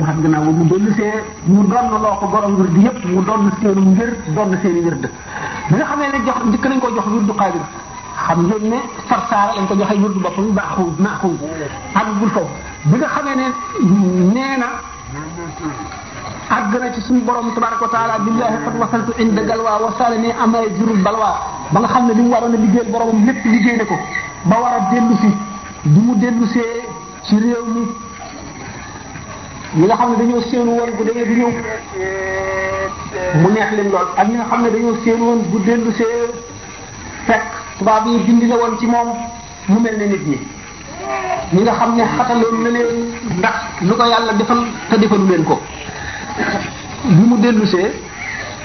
joxaat gannaaw ba mu dellu see mu doon loo ko borom wird yëpp mu doon seenu ngir doon seeni wird bi nga xamee ne jox njëkk nañ ko jox wirdu Qaadir xam ngeen ne farsaara lañ ko joxe wirdu boppam baaxul naaxul àggul foofu bi nga xamee ne nee na àgg na ci suñu borom tabaraka wa taala billahi qad wasaltu inda galwa wasala ni amay jurul balwa ba nga xam ne li mu waroon a liggéeyal boromam lépp liggéey na ko ba war a dellu si bi mu dellu see ci réew mi ñi la xam ne dañoo séenu woon bu demee du ñëw mu neex leen lool ak ñi nga xam ne dañoo séenu woon bu dellu see fekk tubaab yi dindi la woon ci moom mu mel ne nit ñi ñi nga xam ne xataloon na ndax lu ko yàlla defal te defalu leen ko bi mu dellu see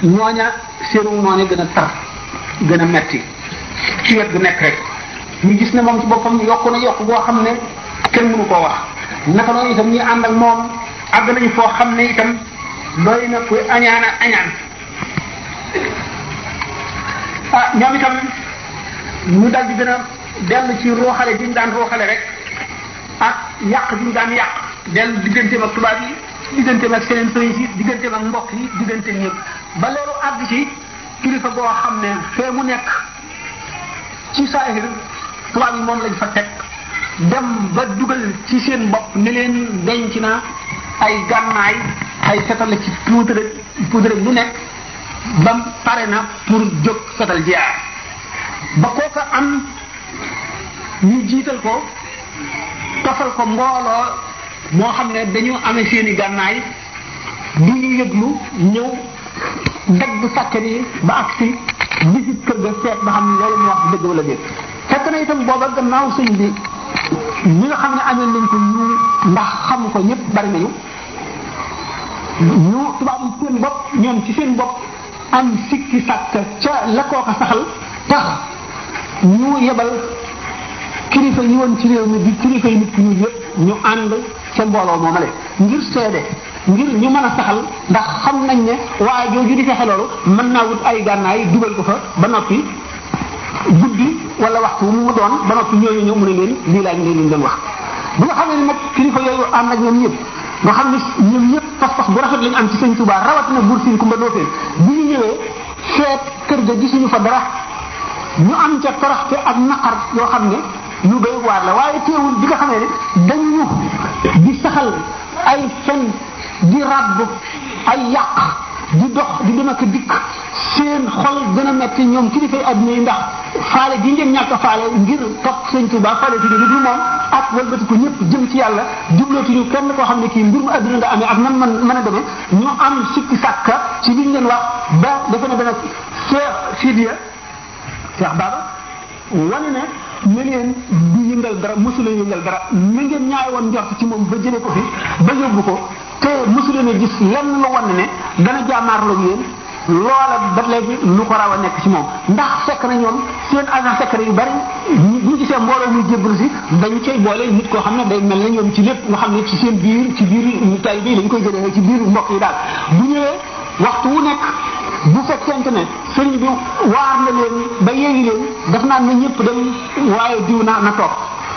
ñooña seenu noone gën a tar gën a metti ci wet gu nekk rek ñu gis ne moom ci boppam yokku na yokk boo xam ne kenn mënu koo wax naka noonu itam ñi ànd ak moom àgg nañu foo xam ne itam looy na kuy añaana añaan ah ñoom itam ñu dal di gën a dellu ci rooxale bi daan rooxale rek ak yàq bi ñu daan yàq dellu digganteem ak tubaab yi digganteem ak seen sëriñ si digganteem ak mbokk yi diggante ñëpp ba loolu àgg ci kilifa boo xam ne fee nekk ci saahir tubaab yi moom lañ fa teg dem ba dugal ci seen bopp ne leen denc ay gànnaay ay fetal ci poudre poudre lu bam pare na pour jóg fetal jiyaar ba kooka am ñu jiital ko tofal ko mbooloo moo xam ne dañu amee seeni gànnaay du ñu yëglu ñëw dagg sàkket yi ba agsi visite kër ga seet ba xam ne loolu mu wax dëgg wala déet fekk gannaaw sëñ bi ñi xam ne amee nañ ko ñu ndax xamu ko ñépp bari nañu ñu tubaab yi bopp ñoom ci seen bopp am sikki sàkk ca la koo ko saxal tax ñu yebal kilifa yi ci réew mi di kilifa yi nit ñu yëpp ñu ànd ca mbooloo moomale ngir seede ngir ñu mën a saxal ndax xam nañ ne waaye jooju di fexe loolu mën naa wut ay gànnaay dugal ko fa ba noppi guddi wala waxtu mu doon ba noppi ñooñu ñëw mu ne leen lii laaj leen liñ leen wax bi nga xamee ne nag kilifa yooyu ànd ak ñoom ñëpp nga xam ne ñoom ñëpp pas-pas bu rafet lañ am ci sëñ Touba rawatina buur Sine Kumba Ndoofeen ñu ñëwee seet kër ga gisuñu fa dara ñu am ca toroxte ak naqar yoo xam ne ñu béy waar la waaye teewul bi nga xamee ne dañu di saxal ay fen di ràbb ay yàq di dox di dem dikk seen xol gën a metti ñoom kilifay adduna yi ndax faale gi ngeen ñàkk a faale ngir topp sëñ Tuubaa faale tuñu lu dul moom ak walbati ko ñëpp jëm ci yàlla jublootuñu kenn koo xam ne kii mbir mu adduna nga amee ak nan man mën a demee ñu am sikki sàkka ci liñ leen wax ba dafa ne dana Cheikh Sidiya Cheikh Baba wane ne na leen du yëngal dara mosula yëngal dara na ngeen ñaay woon njort ci moom ba jëlee ko fi ba yóbbu ko te mosu leen a gis lenn lu wan ne dana jàmmaarloog yéen loola ba léegi lu ko raw a nekk ci moom ndax fekk na ñoom seen agent secret yu bari ñu gisee mbooloo muy jébbalu si dañu cay boole nit koo xam ne day mel na ñoom ci lépp nga xam ne ci seen biir ci biir ñu tay bi lañ koy jëlee ci biir mbokk yi daal bu ñëwee waxtu wu nekk bu fekkente ne sëriñ bi waar na leen ba yeeyi leen daf naan na ñëpp dem waaye diw naa na toog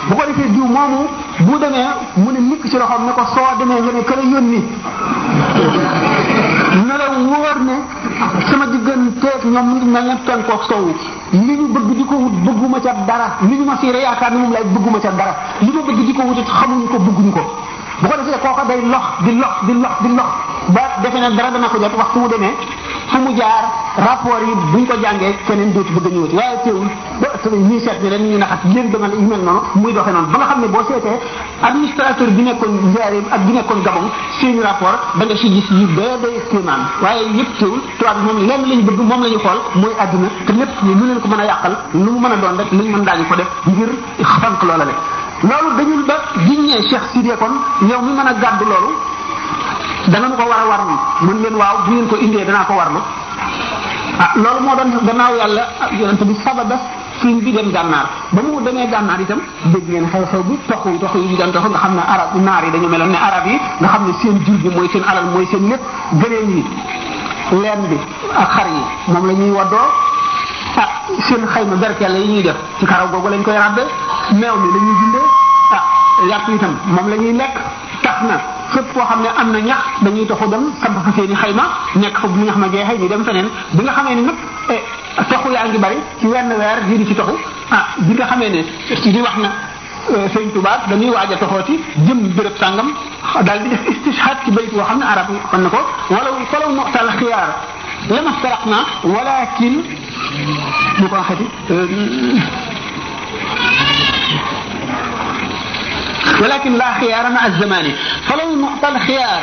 bu ko defee diw moomu bu demee mu ne nikk ci loxoom ne ko soo demee nga ne kële yónni ne la wóor ne sama digganteeg ñoom mu ngi mel ne penkook sowu li ñu bëgg di ko wut bëgguma ca dara li ñu ma siire yaakaar ni moom lay bëgguma ca dara li ma bëgg di ko wut xamuñu ko bëgguñu ko bu ko defee kooka ko lox di lox di lox di lox ba defe ne dara dana ko jot waxtu wu demee fi mu jaar rapport yi buñ ko jàngee keneen dootu bëgg a ñëwati waaye teewul ba ëtt ñuy seet ni ren ñu naxat léegi dama yu mel noonu muy doxee noonu ba nga xam ne boo seetee administrateur bi nekkoon Njaaréem ak bi nekkoon Gabon seeni rapport da nga si gis yu dee dee kéemaan waaye yëpp teewul tubaab bi moom lenn lañu bëgg moom la ñu xool mooy àdduna te lépp lu leen ko mën a yàqal lu mu mën a doon rek lu ñu mën daañu ko def ngir xank loola le loolu dañul ba jiñ ne Cheikh Sidé kon yow mi mën a gàddu loolu danañ ko war a war warlu mën leen waaw bu ngeen ko indee danaa ko war warlu ah loolu moo doon gannaaw yàlla ah, yonent bi sababa suñ bi dem gànnaar ba mu demee gànnaar itam dégg ngeen xew-xew bi toxu toxu yi ñu daan toxu nga xam ne arab naar yi dañu meloon ne arab yi nga xam ne seen jur bi mooy seen alal mooy seen lépp gëneen yi leen bi ak xar yi moom la ñuy waddoo ah seen xayma berkelle yi ñuy def ci karaw googu lañ koy ràbbe meew mi lañuy ñuy dundee ah yàpp itam moom la ñuy lekk tax na fépp foo xam ne am na ñax dañuy taxu dem samp fa seeni xayma nekk fa bu ñax ma jeexee ñu dem feneen bi nga xamee ne nag eh, taxu yaa ngi bari ci wenn weer lii di ci taxu ah bi nga xamee ne di wax na eh, sëñ Tuubaa dañuy waaj a toxooti jëm béréb sàngam daal di def istishhad ci bayit boo xam ne arab xam na ko walaw falaw nu'tal xiyaar lama wala walakin ñu ko waxati ولكن لا خيار مع الزمان فلو نعطى الخيار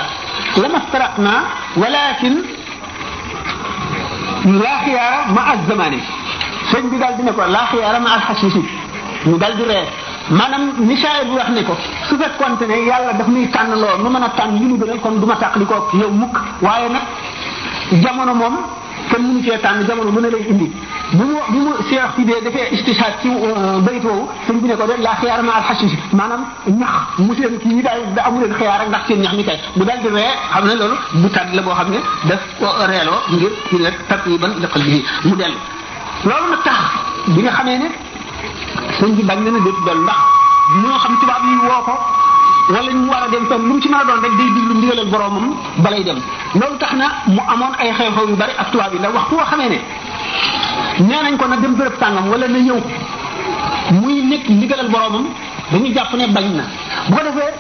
لما افترقنا ولكن لا خيار مع الزمان sëñ bi daal di ne ko laa xiyaara ma alxasisi ñu daal di reer maanaam ni saa bi wax ne ko su fekkoonte ne yàlla daf nuy tànn loo nu mën a tànn li ñu gënal kon du ma tàq di ko yow mukk waaye nag jamono moom kenn mënu cee tànn jamono mën ne lay indi bi mu bi mu Cheikh Sidé dafee istishaad ci euh, bayt woowu sëñ bi ne ko de la xiyaar ma alxasis maanaam ñax mu seen kii yi daal da amu leen xiyaar ak ndax seen ñax mi kay bu daal di ree xam ne loolu bu tàdd la boo xam ne daf ko reeloo ngir ñu ne takriban li qalbihi mu dellu loolu nag bi nga xamee ne sëñ bi bañ na ne dootu dellu ndax ñoo xam tubaab yi woo ko wala ñu war a dem fenn lu mu ci mën a doon rek day diglu ndigalal boromam balay dem loolu tax na mu amoon ay xew-xew yu bari ak tubaab yi ndax waxtu woo xamee ne nee nañ ko na dem bërëb sàngam wala na ñëw muy nekk ndigalal boromam dañuy jàpp ne bañ na bu ko defee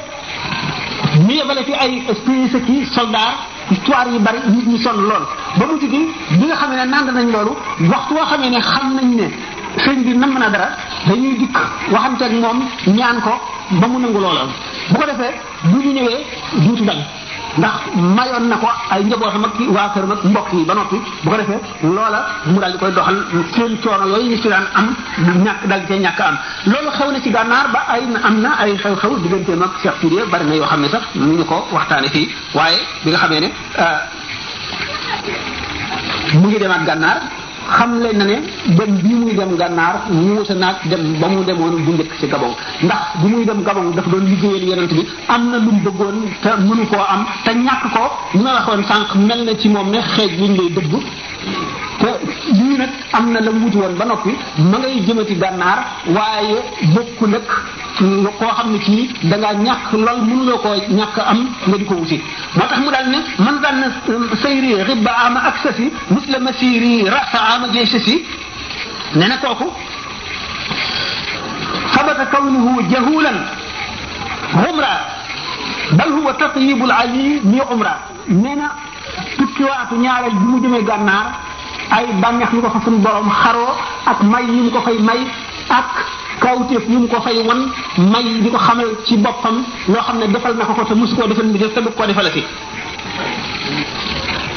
ñu yebale fi ay espèces ki soldat histoire yu bari nit ñi sonn lool ba mu jigi bi nga xamee ne nand nañ loolu waxtu woo xamee ne xam nañ ne sëñ bi nam na dara dañuy dikk waxanteeg moom ñaan ko ba mu loola bu ko defee bu ñu ñëwee duutu dal ndax mayoon na ko ay njabootam ak waa këram ak mbokk yi ba noppi bu ko defee loola mu daal di koy doxal seen coono yooyu ñu ci daan am ñàkk daal di ñàkk am loolu xew na ci gànnaar ba ay am na ay xew-xew digganteem ak Cheikh Sidiya bari na yoo xam ne sax mu ñu ko waxtaane fii waaye bi nga xamee ne euh, mu ngi demaat gànnaar xam leen na ne dem bii muy dem gànnaar muusa naag dem ba mu demoon bu njëkk ci gabon ndax bu muy dem gabon dafa doon liggéeyal yeneen bi am na lu mu bëggoon te mënu koo am te ñàkk ko ñu na waxoon sànq mel na ci moom ne xeej liñ lay dëgg te lii am na la mu wuti woon ba noppi ma ngay jëmati gànnaar waaye bokkul ak koo xam ne kii da ngaa ñàkk lool mënuloo am nga di ko wuti moo tax mu daal ne man daan na euh, sayri ribba ak sasi musla masiri rasa ama jee sasi ne na kooku sabata kawnuhu jahulan bal huwa tatyibul ali ni umra nee na tukkiwaatu ñaareel bi mu jëmee gànnaar ay bànneex yu ko fa suñu borom xaroo ak may yu mu ko fay may ak kawteef yu mu ko fay wan may di ko xamal ci boppam loo xam ne defal na ko ko te mosu koo defal mu def te du koo defalati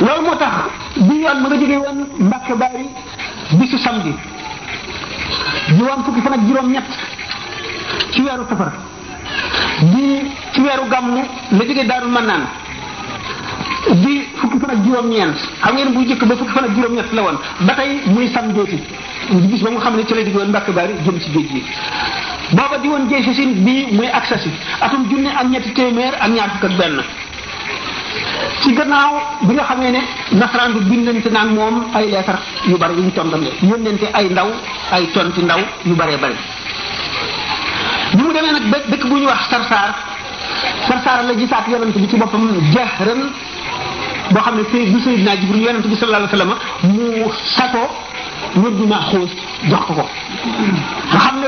loolu moo tax bi yoon ma nga jógee woon Mbàkke Bari bisu samedi juróom fukki fan ak ñett ci weeru safar di ci weeru gàmmu la jógee Daaru Mannaan di fukki fan ak juróom-ñeent xam ngeen bu njëkk ba fukki fan juróom-ñett la woon ba tey muy sam jeexi di bis ba nga xam ne ci la diggoon Mbàkke Bari jëm ci géej gi booba di woon jeexi sin bii muy aksasi atum junne ak ñetti téeméer ak ñaar fukk ak benn ci gannaaw bi nga xamee ne nasaraan bi bindante naan moom ay leetar yu bari yu ñu tontante yónnante ay ndaw ay tonti ndaw yu baree bari bi mu demee nag dëkk bu ñu wax sarsaar sarsaar la gisaat yonent bi ci boppam jahran boo xam ne sëy bu Seydina Jibril yonent bi sallallahu alayhi wa sallam mu sakoo wërdu maa xóos jox ko ko nga xam ne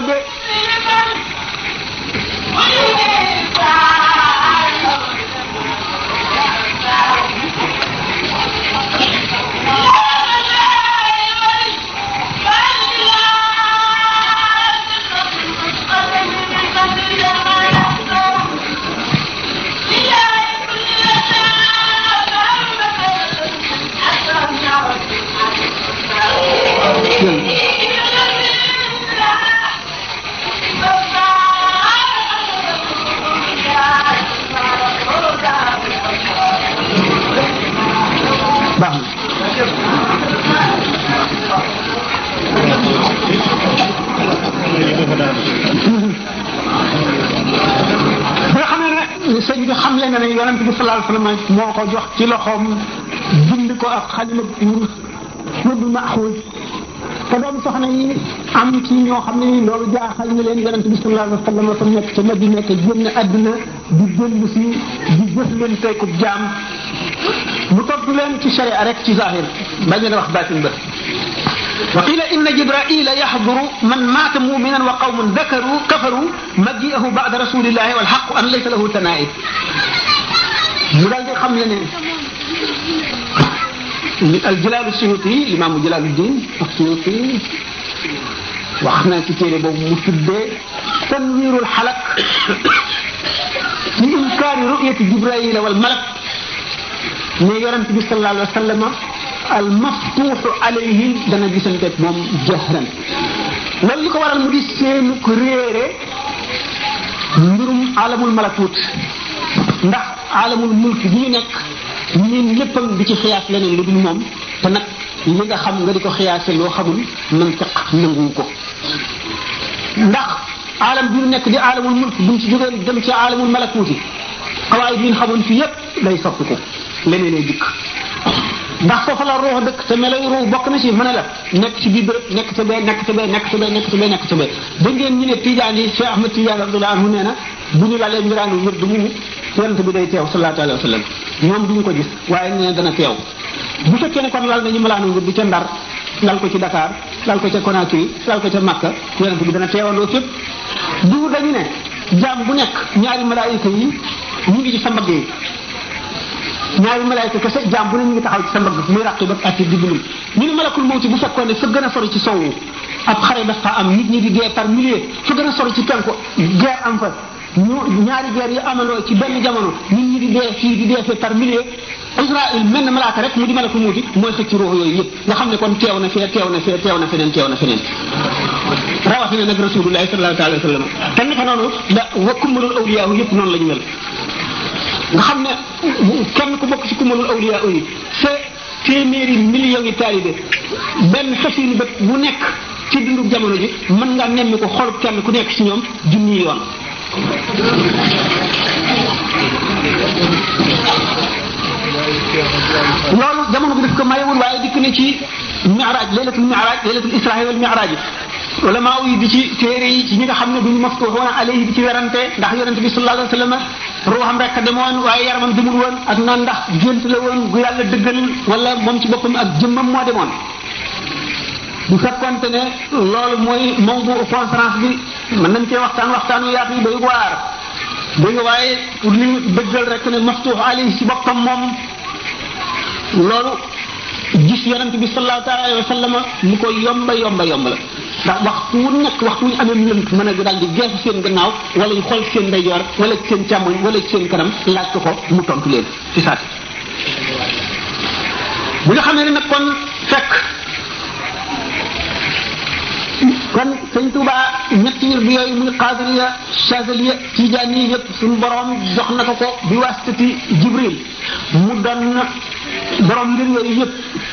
sëñ xam xamle na ne yonent bi sallallahu alayhi wa moo ko jox ci loxoom bind ko ak xalima wurus wurdu maxuus te doomu soxna yi am ci ñoo xam ne loolu jaaxal na leen yonent bi sallallahu alayhi wa sallam dafa nekk ca Madina te génn àdduna di dellu si di jëflanteeku jaam mu topp leen ci sharia arek ci zahir bañ leen wax baatin ba wa qila inna jibraila yahduru man maata muminan wa qawmun dakaru kafaru majiahu bada rasulillahi wal xaqu an laysa lahu tanaib mu daal di xam le ne al jilaalu suyuti yi imaamu jilaalu din ak suyuti wax na ci téere boobu mu tuddee tanwirul xalak ci inkaari ruyati jibraila wal malak ne yonent bi sallallahu alayhi wa sallama al maftuuxu alayhim dana gisanteeg moom jahran loolu li ko waral mu di seenu ko réere mbirum alamul malakut ndax alamul mulk bi ñu nekk ñun léppam di ci xiyaas leneen lu dul moom te nag li nga xam ga di ko xiyaase loo xamul mantiq nanguwu ko ndax alam bi ñu nekk di alamul mulk buñ ci jógee dem ci alamul malakuuti xawaay bi ñu xamoon fii yépp day soppi ko dikk ndax foofa la ruux dëkk te melayu ruux bokk na ci mën a la nekk ci biir bërëb nekk ca bee nekk ca bee nekk ca bee nekk ca bee nekk ca bee da ngeen ñu ne Tijaan yi Cheikh Ahmed Tidiane Abdoulaye anhu nee na bu ñu lalee mbiraanu wër du mu yonent bi day teew sallallahu alayhi wa sallam ñoom duñu ko gis waaye nee na dana teew bu fekkee ne kon lal nañu malaanu wër di ca Ndar lal ko ci Dakar lal ko ca Conakry lal ko ca Makka yonent bi dana teewandoo fépp du dañu ne jaam bu nekk ñaari malaayika yi ñu ngi ci sa mbagg yi ñaari malaayka kese jaam bu ne ñu ngi taxaw ci sa mbagg muy di dund ñu ne malakul mawti bu fekkoon ne fa gën a sori ab xare daf fa am nit ñi di dee par milliers fa gën a sori ci penku guerre am fa ñu ñaari guerre yu amandoo ci benn jamono nit ñi di dee fii di dee fee par milliers Israël mel na malaaka rek mu di malakul mawti xam ne kon teew na fee na fee teew na feneen teew na feneen rawatina nag rasulullahi sallallahu alayhi wa sallam te naka noonu la wa kummalul awliyaahu yëpp noonu la ñu mel nga xam ne kenn ku bokk ci kumalul awliya yi sa téeméeri millions yi taalibe benn xasiinu bët bu nekk ci dundu jamono ji mën nga nemmi ko xol kenn ku nekk ci ñoom junni yoon loolu jamono bi daf ko mayewul waaye dikk na ci miraaj laylatul miraaj laylatul isra'i wal miraaj yi wala maa yi di ci téere yi ci ñi nga xam ne duñu maftuxoona alayhi di ci werante ndax yonente bi sallallahu alayhi wa sallam ruuxam rek demoon waaye yaramam demul woon ak naan ndax gént la woon gu yàlla dëggalul wala moom ci boppam ak jëmmam moo demoon bu fekkonte ne loolu mooy moom bu bi mën nañ cee waxtaan waxtaan yu yaatu yi doy waar dégg nga waaye pour li dëggal rek ne maftuux ali ci boppam moom loolu gis yonent bi sallallahu taala alayhi wa sallam mu ko yomba yomba yomba ndax waxtu wu nekk waxtu wu mën a daal di geesu seen gannaaw wala ñu xool seen ndeyjoor wala ci seen càmmoñ wala ci seen kanam laaj ko ko mu tontu leen ci saati bu nga xam ne nag kon fekk kon sëñ Touba ñetti yër bi yooyu muy qaadiriya chazaliya tijaani yëpp suñu borom jox na ko ko Jibril mu doon borom mbir yooyu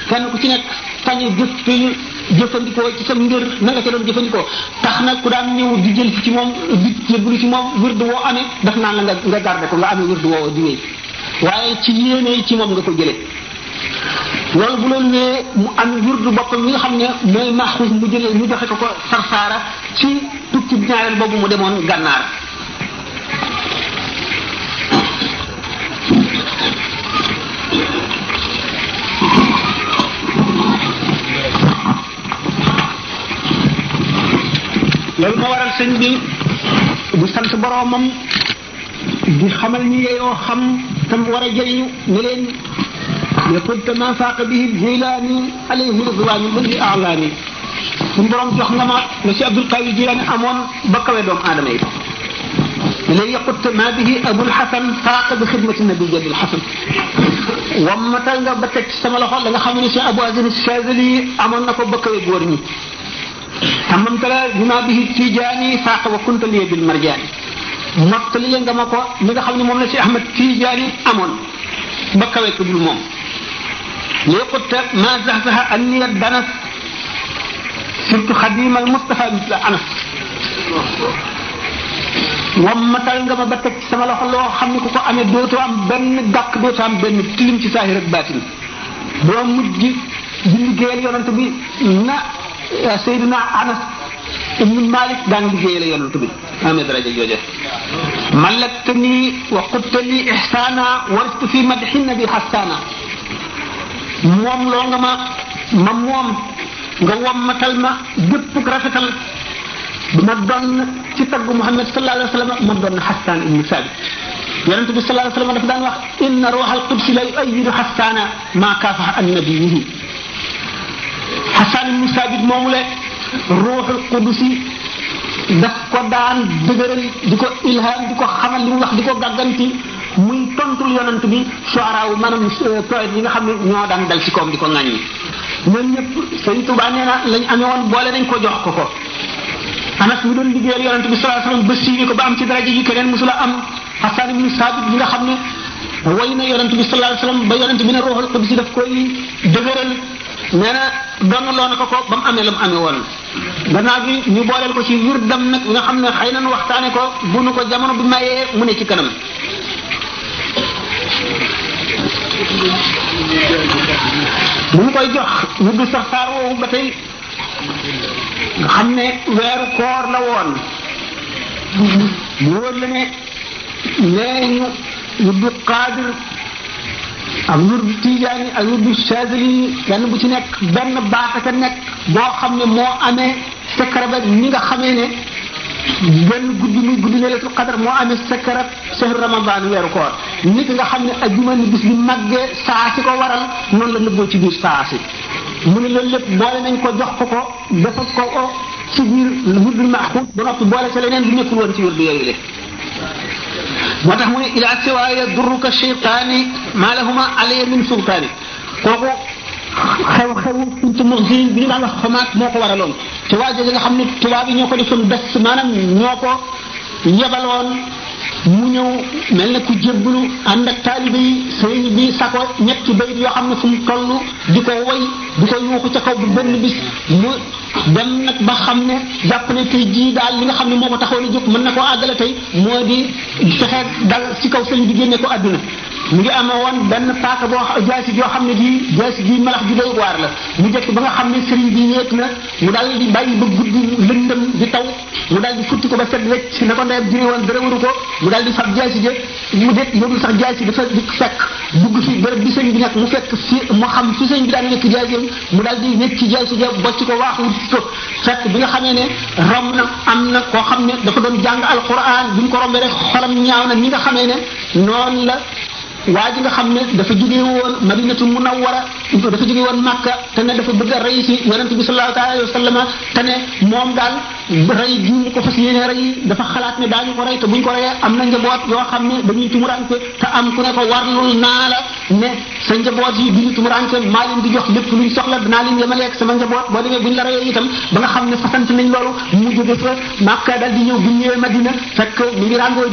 kenn ku ci nekk fañu jëf ñu jëfandikoo ci sam mbir na nga ca doon jëfandikoo tax na ku daan ñëw di jël ci moom di jëblu ci moom wird woo amee daf naan la nga nga garde ko nga amee wird woo di wéy waaye ci yéene ci moom nga ko jëlee loolu bu loolu nee mu am wird boppam mi nga xam ne mooy maxuus mu jële ñu joxe ko ko sarsaara ci tukki ñaareel boobu mu demoon gànnaar sëñ bi bu sant boroomam di xamal ñi yeyoo xam tam war a jëriñu ne leen yaqulta ma faaqa bihi jilaani alayhi ridwaani min li alaani suñ borom jox nga ma la ci abdul qadir jilaani amoon ba kawe doomu aadama yi ne leen yaqulta ma bihi abul xasan faaqa bi xidmati nabi jadil xasan wammatal nga ba teg sama loxo la nga xam ne si abu azin chazeli amoon na ko ba kawe góor ñi tamamtala bima bihi tijaani faaqa wa kunta liya bil marjaani mottali la nga ko li nga xam ne moom la ci Ahmad Tijaani amoon ba kawe ku dul moom lii qutta ma zahzaha anniya danas surtout xadimal Mustafa misla anas wammatal nga ma ba teg ci sama loxo loo xam ne ku ko amee dootoo am benn gàkk dootoo am benn tilim ci saahir ak baatin doo mujj di liggéeyal yonent bi na Seydina Anas ibnu Malik daan liggéeyal yonent bi amee daraja jooje mallaktani wa qubtani ihsana waristu fi madhi nabi hasana moom loo nga ma ma moom nga wommatal ma jëpp rafetal ma doon ci taggu Muhammad sallallahu alayhi wa sallam ma doon Hassan ibnu Sabit yonent bi sallallahu alayhi wa sallam daf daan wax inna ruuhal qudsi la yu'ayyidu Hassana maa kaafaha annabiyuhu bi ibnu Saabit moomu le ruuxul qudusi daf ko daan dëgëral di ko ilham di ko xamal di mu wax di ko gàgganti muy tontul yonant bi soaraawu maanaam euh, poète yi nga xam ne ñoo daan dal ci koom di ko ŋàññi ñoom ñëpp Sëriñ Tuubaa nee na lañ amee woon boole nañ ko jox ko ko Anas mi doon liggéeyal yonant bi sallallahu alayhi wasallam ko ba am ci daraja yi keneen musula am Hasan ibnu Saabit bi nga xam ne way na yonant bi sallallahu alayhi wasallam ba yonant bi ne ruuxul qudusi daf koy dëgëral nee na ganu loo na ko ko ba amee la mu amee woon gannaaw gi ñu booleel ko ci wirdam nag nga xam ne xëy na nu waxtaane ko bu nu ko jamono bi mayee mu ne ci kanam bu ñu koy jox wirdu ba tey nga xam ne weeru koor la woon mu wóor la ne nee qaadir ak wirdu tijaani ak wirdu chazili kenn bu ci nekk benn baat ka nekk boo xam ne moo amee sekara ba ni nga xamee ne benn guddi muy guddi laylatul qadar moo amee sekara sehru ramadan weeru koor nit nga xam ne ajuma ni bis bi màggee saa si ko waral noonu la nëbboo ci biir saa si mu ne loolu lépp boole nañ ko jox ko ko defal ko o ci biir wirdul maxuut ba noppi boole sa leneen bu nekkul woon ci wirdu yooyu lépp moo tax mu ne ila siwaaya durruka sheytaani maa lahuma alayya min sultaani kooku xew-xewu kuntu muxsin bi ñu daan wax xamaat moo ko waraloon te waa jooju nga xam ne tubaab yi ñoo ko defoon bés maanaam ñoo ko yebaloon mu ñëw mel na ku jébbalu ànd ak taalibe yi sëriñ bi sako ñetti bayit yoo xam ne fu mu toll di ko woy di ko yuuxu ca kaw bu benn bis mu dem nag ba xam ne jàpp ne tey jii daal li nga xam ne moo ko taxoon a jóg mën na koo àggale tey moo di fexe dal ci kaw sëriñ bi génne ko àdduna mu ngi amee woon benn paaka boo jaasi joo xam ne bii jaasi gi malax ju doy waar la mu jëkk ba nga xam ne sëriñ bi ñeet na mu daal di bàyyi ba guddi lëndëm di taw mu daal di futti ko ba set wecc na ko ndeyam jure woon dara waru ko mu daal di fab jaasi ja mu det yóbbu sax dafa di fekk dugg fi bërëb bi sëriñ bi nekk mu fekk fi mu xam fi sëriñ bi daal di nekk ci jaasi ja bocc ko waaxu ko fekk bi nga xamee ne rom na am na koo xam ne dafa doon jàng alquran bi mu ko rombee rek xolam ñaaw na ñi nga xamee ne noonu la waa ji nga xam ne dafa jóge woon madinatu munawwara dafa jóge woon màkka te ne dafa bëgg a rey si yonent bi sallallahu alayhi wa sallam te ne moom daal rey gi mu dafa xalaat ne daañu ko rey te buñ ko reyee am njaboot yoo xam ne dañuy ne la ne sa njaboot yi duñu tumuranke maa leen di jox lépp luñ soxla dinaa leen mu jóge fa màkka di ñëw bu ñëwee madina fekk mu ngi ràngoo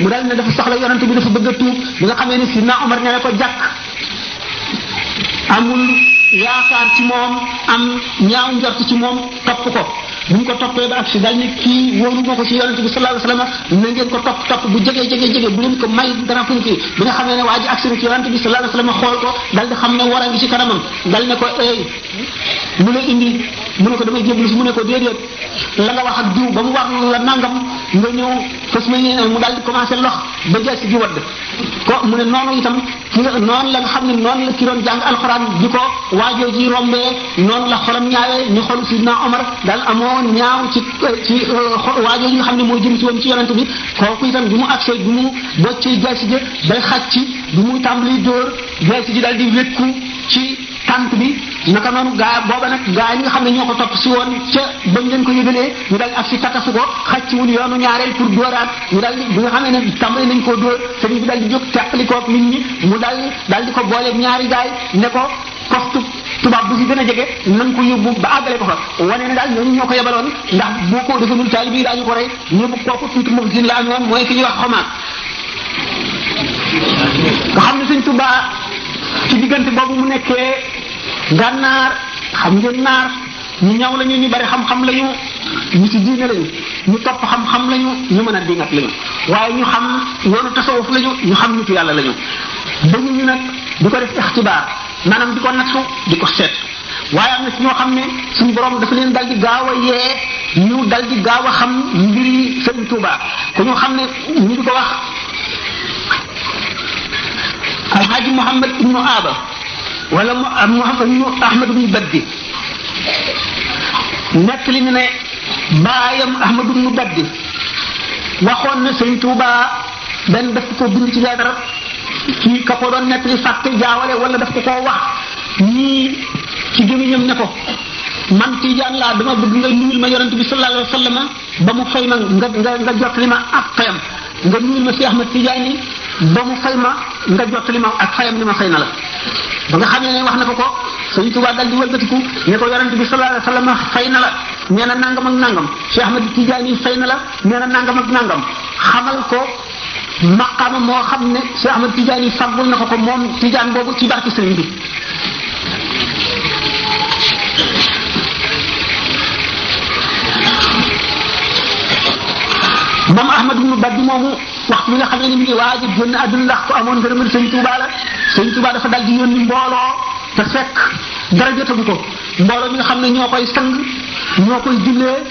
mu daal ne dafa soxla yonent bi dafa bëgg a tuub ne sidna Omar nee na ko jàkk amul yaakaar ci moom am ñaaw njort ci moom topp ko bu ñu ko toppee ba ak si dal ni kii wóoru ma ko topp bu jege jege jege bu leen ko may dara fu ñu kii xamee ne waa ji ak si ci bi sallallahu alayhi wasallam ko dal di xam ne war a ngi ci kanamam mu ne ko damay jéblu si mu ne ko déedéet la nga wax ak mu war la nangam nga ñëw fas may ne mu dal di commencé lox ba jeex si ji wadd ko mu ne noonu itam ki nga la xam ne noonu ki doon jàng alxuraan di ko waajoo rombee noonu la xolam ñaawee ñu xol sidna Omar dal amoo xawoon ñaaw ci ci euh, waajoo yi nga xam ne moo jëm ci woon ci yonent bi kooku itam bi mu agsee bi mu boccee jaay si ji bay xaj ci bi mu tàmbali ji daal di wékku ci tànt bi naka noonu gaa booba nag gaa yi xam ne ñoo ko topp si woon ca bañ leen ko yëgalee ñu dal ak si takasu ko xaj ci wun yoonu ñaareel pour dóoraat ñu dal bi nga xam ne ne tàmbali nañ koo dóor sëriñ bi dal di jóg teqalikoog nit ñi mu dal di ko booleeg ñaari gaay ne ko koftu tubaab bu fi gën a jege nañ ko yóbbu ba àggale ko fa wane ne daal ñooñu ñoo ko yebaloon ndax boo ko defanul taali bi ko rey ñëbu kooku tuuti moom sin la amoon mooy ki ñuy wax xomaat nga xam ne suñ tubaa ci diggante boobu mu nekkee gànnaar xam ngeen naar ñu ñaw lañu ñu bari xam-xam lañu ñu ci diine lañu ñu topp xam-xam lañu ñu mën a dingat lañu waaye ñu xam yoonu tasawuf lañu ñu xam nitu yàlla lañu dañu ñu nag di ko def ixtibaar maanaam di ko nattu di ko seet waaye am na si ñoo xam ne suñu borom dafa leen dal gaaw yee ñu dal di gaaw a xam mbiri sëñ Tuuba ku ñu xam ne ñu di ko wax alxaaji Muhammad ibnu Aaba wala Muhammad ibnu Ahmad ibnu Baddi nekk li ñu ne baayam Ahmad ibnu Baddi waxoon na sëñ Tuuba ben daf ko bind ci leetar kii ka ko doon nekk li fàtte jaawale wala daf ko koo wax ni ci gémmiñam ne ko man tiijaan laa dama bëgg nga nuyul ma yonent bi sallallahu alayhi wa sallam ba mu fay ma nga nga nga jot li ma ak fayam nga nuyul ma si Ahmad Tiijaan yi ba mu fay ma nga jot li ma ak fayam ni ma fay na la ba nga xam ne wax na ko ko Sëriñ Tuubaa dal di wëlbatiku ne ko yonent bi sallallahu salama wa sallam fay na la nee nangam ak nangam Cheikh Ahmad Tiijaan yi na la nee na nangam ak nangam xamal ko maqama moo xam ne Cheikh Ahmad Tidiane yi fàggul na ko ko moom Tidiane boobu ci barke sëriñ bi moom Ahmad ibnu Badji moomu wax bi nga xam ne ni mi ngi waaj a génn àdduna ndax ko amoon ngërëmal sëñ Touba la sëñ Touba dafa dal di yónni mbooloo te fekk dara mbooloo mi nga xam ne ñoo koy sang ñoo koy jullee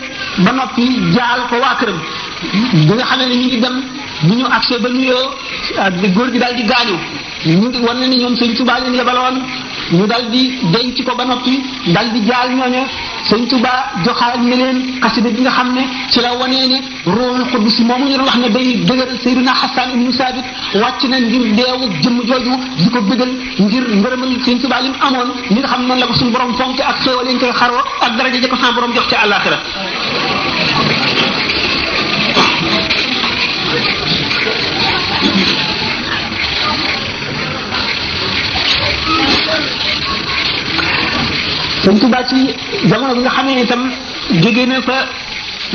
ba noppi jaal ko waa këram bi ne ni ñu ngi dem bu ñu accès ba nuyoo góor gi daal di gaañu ñu war na ni ñoom sëñ Tuba leen yebaloon ñu dal di denc ko ba noppi dal di jaal ñooñu sëñ Tuba joxaal ne leen xasida bi nga xam ne ci la wanee ne ruuxul qudus moomu ñu doon wax ne day dëgëral Seydina Xasan ibnu na ngir deewu jëmm jooju di ngir ngërëmal sëñ Tuba li mu amoon li nga xam ne noonu la ko suñu borom fonk ak xéewal yi ñu koy xaroo ak daraja ja ko sama borom jox sëñ Tuba ci jamono bi nga xamee ne itam jóge na fa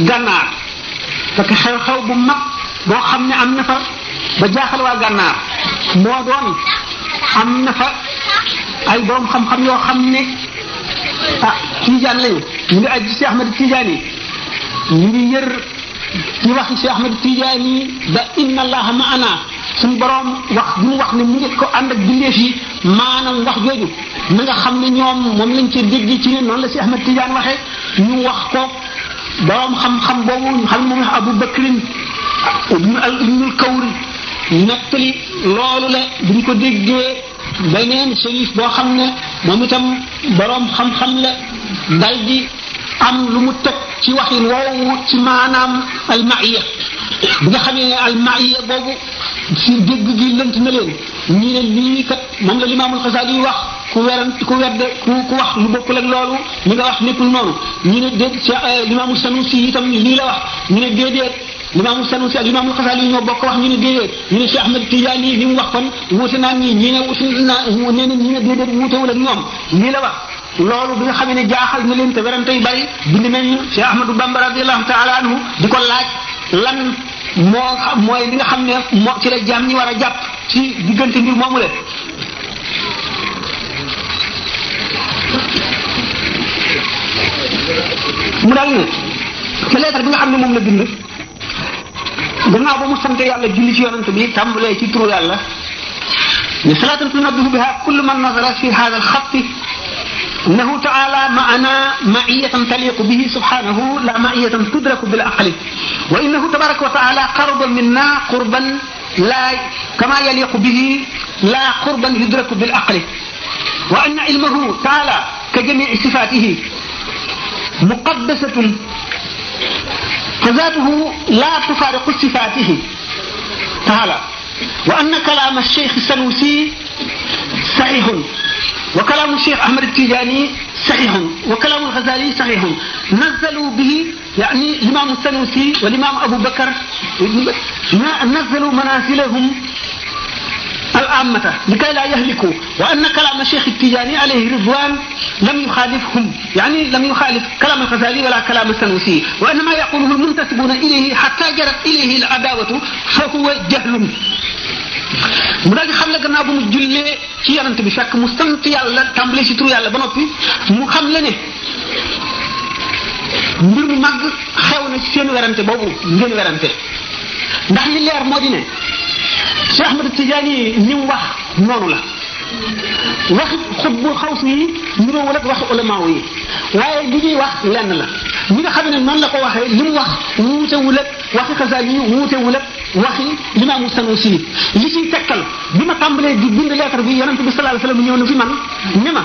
gànnaar parce que xew-xew bu mag boo xam ne am na fa ba jaaxal waa gànnaar moo doon am na fa ay doom xam-xam yoo xam ne ah Tijaan lañu ñu ngi aj Cheikh Ahmed Tijaan yi ñu ngi yër ñu wax ci Ahmed Tidiane ba inna allaha ma'ana suñu borom wax bu mu wax ne mu ngi ko ànd ak bindeef yi maanaam wax jooju na nga xam ne ñoom moom lañ ci dégg ci ne noonu la si Ahmed Tidiane waxee ñu wax ko borom xam-xam boobu xam ne moom la Abu Bakrin ibnul Kawri nettali loolu la bu ñu ko déggee beneen sharif boo xam ne moom itam borom xam-xam la dal am lu mu teg. ci wax woowu ci maanaam almaiya bi nga xamee ne almaiya boobu ci dégg gi lënt na leen ñii ne lii kat moom la limaamul xasaali wax ku weran ku wedd ku ku wax lu bokkul ak loolu li nga wax nekkul noonu ñu ne dégg ci limaamul euh, sanusi itam lii la wax ñu ne déedéet limaamul a ak limaamul xasaali ñoo bokk wax ñu ne déedéet ñu ne Cheikh Ahmed Tidiane li mu wax kon wuute naa ñii ñi ne wuute naa nee na ñi ne déedéet wuutewul ak ñoom lii la wax loolu bi nga ne jaaxal na leen te werante yu bari bind nañu Cheikh Ahmadou Bamba radiyallahu taala anhu di ko laaj lan moo xam mooy li nga xam ne moo ci la jaam ñi war a jàpp ci diggante mbir moomu la mu daal ne te leetar bi nga xam ne moom la bind gannaaw ba mu sant yàlla julli ci yonent bi tàmbalee ci turu yàlla ne salaatul nabbihu biha kullu man nazara fi hada al xatti nahu taala maana maiyatan taliqu bihi subhanahu la maiyatan tudraku bil aqli wa innahu tabaraka wa taala qaraba minna qurban la kama yaliqu bihi la qurban yudraku bil aqli wa anna ilmahu taala ka jamii sifatihi muqaddasatun فذاته لا تفارق صفاته تعالى وأن كلام الشيخ السنوسي صحيح wa kalaamu Cheikh Ahmed Tidiane saxiixun wa kalaamu Alxazaali saxiixun nazalu bihi yaani limaamu Sanusi wa limaamu Abu Bakar nazalu manaasilahum al-aammata likay laa yahliku wa anna kalaama Cheikh Tidiane alayhi ridwaan lam yuxaalifhum yaani lam yuxaalif kalaama Alxazaali wala kalaama Sanusi wa annamaa yaquuluhu al-muntasibuuna ilayhi xataa jarat ilayhi al-adaawatu fa huwa jahlun mu daal xam le gannaaw bu mu jullee ci yonent bi fekk mu sant yàlla tàmbale ci turu yàlla ba noppi mu xam lene ne mbir mu màgg xew na ci seen werante boobu ngeen ndax li leer moo di ne Cheikh Ahmed Tidiane ni mu wax noonu la wax xutbu xaws yi niroowul ak waxu ulama yi waaye ñuy wax lenn la ñi nga xam ne noonu la ko waxee li mu wax wuutewul ak yi wuutewul waxi limaamu Sanusi li ciy tekkal bi ma tàmbalee di bind lettre bi yonent bi sallallahu alayhi wasallam ñëw na fi man ne ma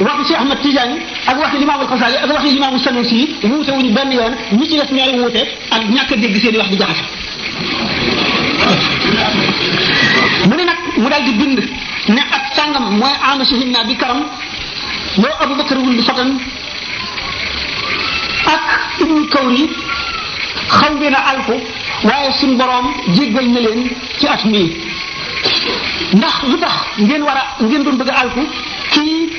waxi Cheikh Ahmad Tidiane ak waxi limaamu Xasaali ak waxi limaamu Sanusi wuute wuñu benn yoon ñi ci des ñaari wuute ak ñàkk a dégg seen i wax di jaxase mu ne nag mu daal di bind ne ak sàngam mooy aanu suhinna bi karam loo Abubakar wul di sotan ak ibnu Kawri xam ngeen a alku waaye suñ boroom jéggal na leen ci at mii ndax lu tax ngeen war a ngeen doon bëgg alku kii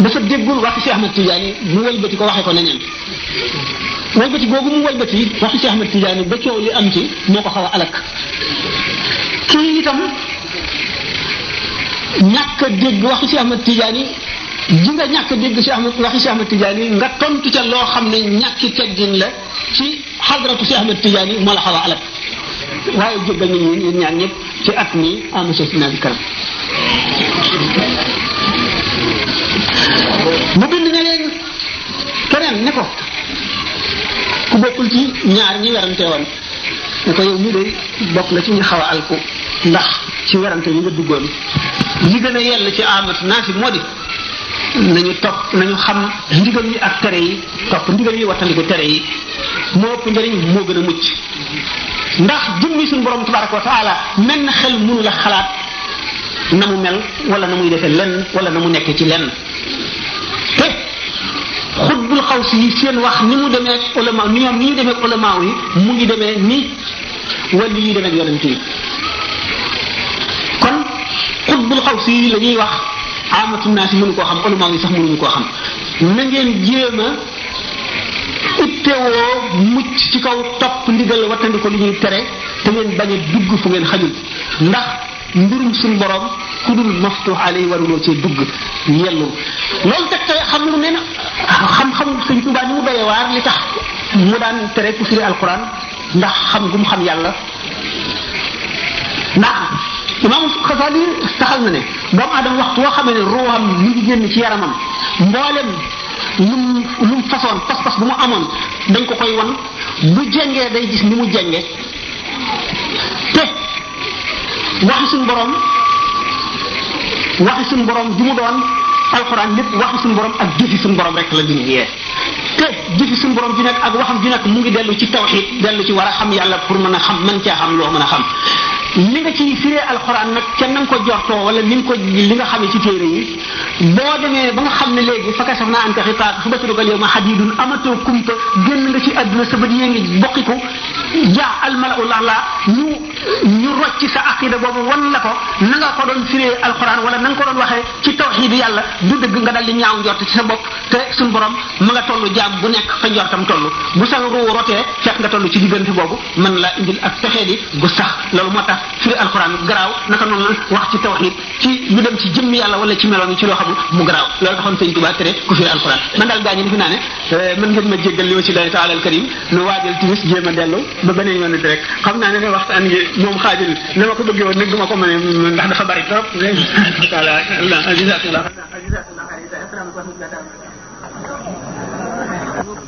dafa déggul waxi si Ahmad Tidiane mu wëlbati ko waxee ko neneen wëlbati googu mu wëlbati waxi si Ahmad Tidiane ba coow li am ci moo ko xaw a alak kii itam ñàkk a dégg waxi si Ahmad Tidiane ji nga ñàkk a dégg si Ahmad waxi si Ahmad Tidiane nga tontu ca loo xam ne ñàkki teggin la ci xadratu si Ahmed Tidiane moo la xaw a alal waaye jéggal nañ leen yéen ñaar ñëpp ci at mi amasoo si naaj karam mu bind na leen keneen ne ko ku bokkul ci ñaar ñi werante woon ne ko yow mii day bokk ci ñu xaw a alku ndax ci werante ñi nga duggoon li gën a yell ci amat naasi moo nañu topp nañu xam ndigal yi ak tere yi topp ndigal yi wattandiku tere yi moo ëpp moo gën a mucc ndax jëmmi suñu borom tabaraka wa taala menn xel mënu la xalaat na mu mel wala na muy defee lenn wala na mu nekk ci lenn te xutbul xaw si yi seen wax ni mu demee ulama ni ñoom ni ñu demee ulama yi mu ngi demee nii wala yi demee yonent yi kon xutbul xaw si lañuy wax amatu naa si mënu koo xam ulama yi sax mënuñu koo xam na ngeen jéem ittewoo mucc ci kaw topp ndigal wattandi ko li ñuy tere te ngeen ba a dugg fu ngeen xajul ndax mbirum suñu borom ku dul maftuux alayhi waruloo cee dugg yellu loolu teg tey xam lu ne xam-xam sëñ Tuubaa ni mu doyee li tax mu daan tere ku firi alquran ndax xam gu xam yàlla ndax imaam Xasaali taxal na ne doomu aadama waxtu woo xamee ne ruuxam mi ngi génn ci yaramam mboolem lu mu lu mu façon pas-pas bu mu amoon dañ ko koy wan bu jengee day gis ni mu jenge te waxi suñu borom waxi suñu borom ju mu doon alxuraan lépp waxi suñu borom ak jëfi suñ borom rek la duñu yee te jëfi suñu borom ju nekk ak waxam ju mu ngi dellu ci tawxiid dellu ci war a xam yàlla pour mën a xam mën caa xam loo mën a xam li nga ciy firee alxuraan nag ca na nga ko jortoo wala ni nga ko li nga xamee ci téere yi boo demee ba nga xam ne léegi fa kasaf naa anka xitaaka fa basaraka alyawma xadidun amatoo kumpa génn nga ci àdduna sa bët yée ngi bokkiku jaa almala u laxlaa ñu ñu rocci sa aqida boobu wan la ko na nga ko doon firee alxuraan wala na nga ko doon waxee ci tawxiidu yàlla du dëgg nga dal ñaaw njort ci sa bopp te suñ borom ma nga toll jaam bu nekk fa njortam toll bu sa ruu rotee fekk nga toll ci diggante boobu mën la indil ak pexe di gu sax loolu moo tax firi alxuraan garaaw naka noonu wax ci tawxiid ci lu dem ci jëmm yàlla wala ci meloon ci loo xamul mu garaaw loolu taxoon sëñ Tuubaa tere ku firi alxuraan man eh, a moom xaajal na ma ko bëggee woon nag du ma ko mënee ndax dafa bari trop.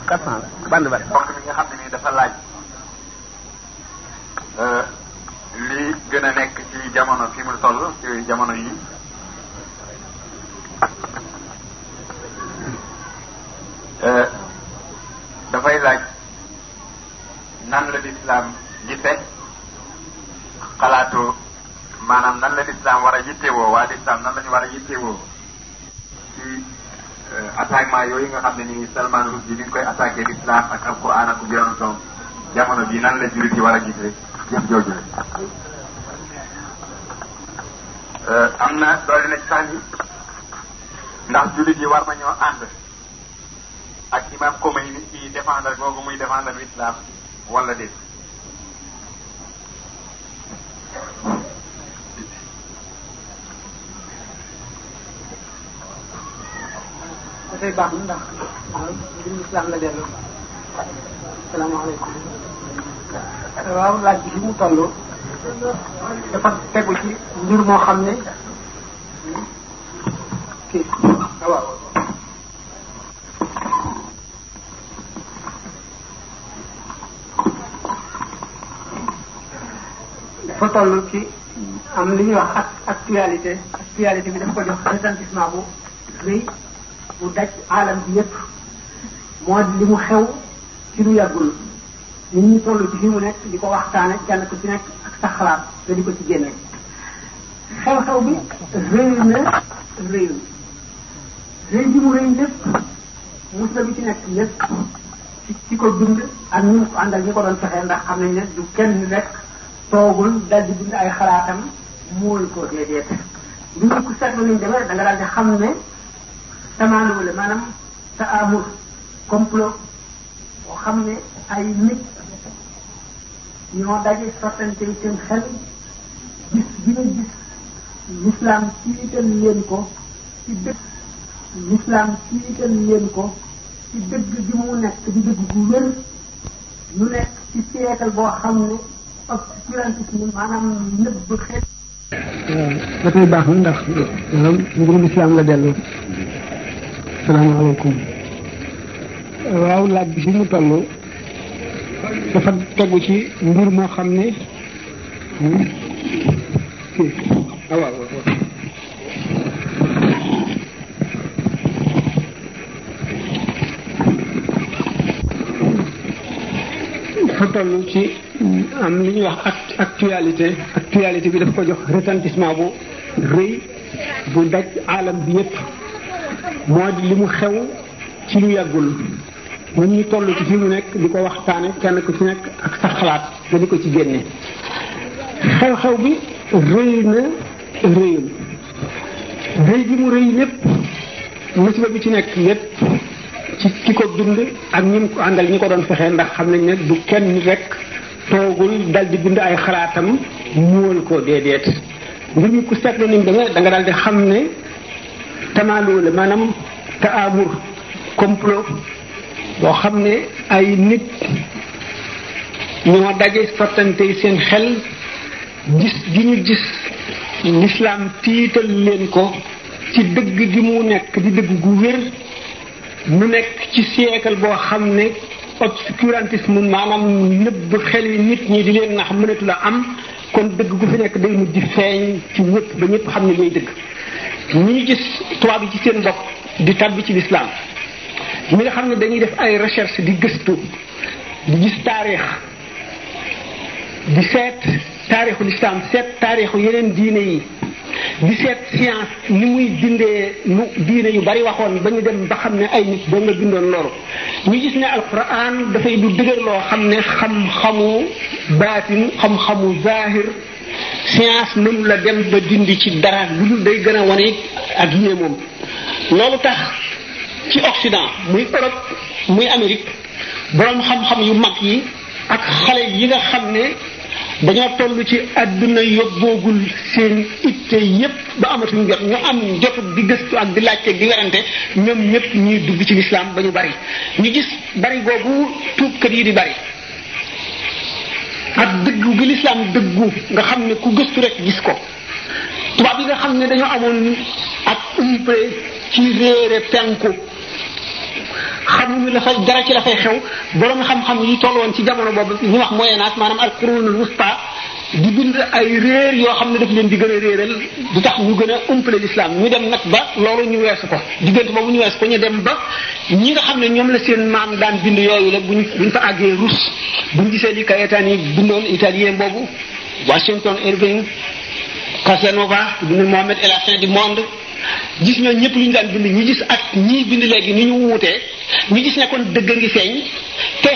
quatre cent band bari ponk bi nga xam ne nii dafa laaj li gën a nekk ci jamono fi mu toll ci jamono yi dafay laaj nan la lislaam gise xalaatu maanaam nan la lislaam war a yittewoo waa lislaam nan la ñu war a yittewoo ci euh, attaquement yooyu nga xam ne ni Salman Rushdie bi ñu koy attaqué lislaam ak alquran ak yonentam jamono bi nan la jullit yi war a gisee jëf jooju euh, am na doole na ci sax ni ndax jullit yi war nañoo ànd ak imam Khomeini ci défendre googu muy défendre l'islam wala déet dafay baax na ndax mbirum islam la dellu salaamaaleykum waaw laaj bi fi mu toll dafa tegu ci mbir moo xam ne kii ah, waaw dafa toll ci am li ñuy wax ak actualité actualité bi dafa ko jox ressentiment bu rëy mu daj aalam bi yépp moo li mu xew ci lu yàggul nit ñi toll ci fi mu di ko waxtaane kenn ku ci nekk ak sa xalaat nga ko ci génne xew-xew bi réy na réy mu réy bi ci nekk lépp ci ko bind ak ñu ko àndal ñu ko doon fexee ndax xam nañ ne du kenn rek toogul dal di bind ay xalaatam muul ko déedéet. bi ñu ko seetlu nañ demee da nga daal di xam ne tamaanawu la maanaam amul complot boo xam ne ay nit ñoo daje sottante seen xel gis gi ñu gis l'islam ko ci dëgg leen ko ci dëgg gi mu nekk di dëgg gu wér ñu nekk ci siècle boo xam ne obscurantisme maanaam nëbb xeet ba tey baax na ndax maanaam nguuru lislaam la dellu asalaamaaleykum waaw laaj bi fi mu toll dafa tegu ci mbir moo xam ne waaw dafa ci am li ñuy wax actualité actualité bi daf ko jox retentissement bu rëy bu daj alam bi yépp moo di li mu xew ci lu yàggul ñun ñu toll ci fi mu nekk di ko waxtaane kenn ko ci nekk ak sa xalaat nga di ko ci génne xew-xew bi rëy na rëyul rëy bi mu rëy lépp musiba bi ci nekk lépp ci ko dund ak ñim ko àndal ñi ko doon fexee ndax xam nañ ne du kenn rek toogul dal di bind ay xalaatam ñuwal ko déedéet mbir mi ku seetlu ni da nga da nga daal di xam ne tamaaloo la maanaam taamur complot boo xam ne ay nit ñoo daje yi seen xel gis gi ñu gis lislaam tiital leen ko ci dëgg gi mu nekk di dëgg gu wér mu nekk ci siècle boo xam ne obscurantisme maanaam nëbb xel yi nit ñi di leen nax mënatu la am kon dëgg gu fi nekk day mujj feeñ ci ñëpp ba ñëpp xam ne lay dëgg ñuy gis tubaab yi ci seen bopp di tabbi ci lislaam mi nga xam ne dañuy def ay recherche di gëstu di gis taarix di seet taarixu lislaam seet taarixu yeneen diine yi di seet science ni muy bindee lu diine yu bari waxoon ba ñu dem ba xam ne ay nit doo nga bindoon loolu ñu gis ne alquran dafay du dëgër loo xam ne xam-xamu baatin xam-xamu zahir science mënu la dem ba dindi ci dara lu dul day gën a wane ak yéemoom loolu tax ci Occident muy Europe muy Amérique boroom xam-xam yu mag yi ak xale yi nga xam ne dañoo toll ci àdduna yóbboogul seen itte yépp ba amatuñu jot ñu am jot di gëstu ak di laajte di werante ñoom ñépp ñuy dugg ci lislaam ba ñu bari ñu gis bari googu tuubkat yi di bari ak dëggu gi lislaam dëggu nga xam ne ku gëstu rekk gis ko tubaab yi nga xam ne dañoo amoon ak umpe ci réere penku xamuñu la dara ci la fay xew borom xam-xam yi toll woon ci jamono boobu ñu wax moyen âge maanaam al qurunul wusta di bind ay réer yoo xam ne daf leen di gën a réeral du tax ñu gën a umpale lislaam ñu dem nag ba loolu ñu weesu ko diggante boobu ñu weesu ko ñu dem ba ñi nga xam ne ñoom la seen maam daan bind yooyu la buñ buñ fa àggee rus ñu gisee li kayetaan yi bindoon italien boobu Washington Irving Casanova du Mohamed et la fin du monde gis ñoo ñëpp lu ñu daan bind ñu gis ak ñii bind léegi ni ñu wuutee ñu gis ne kon dëgg a ngi feeñ te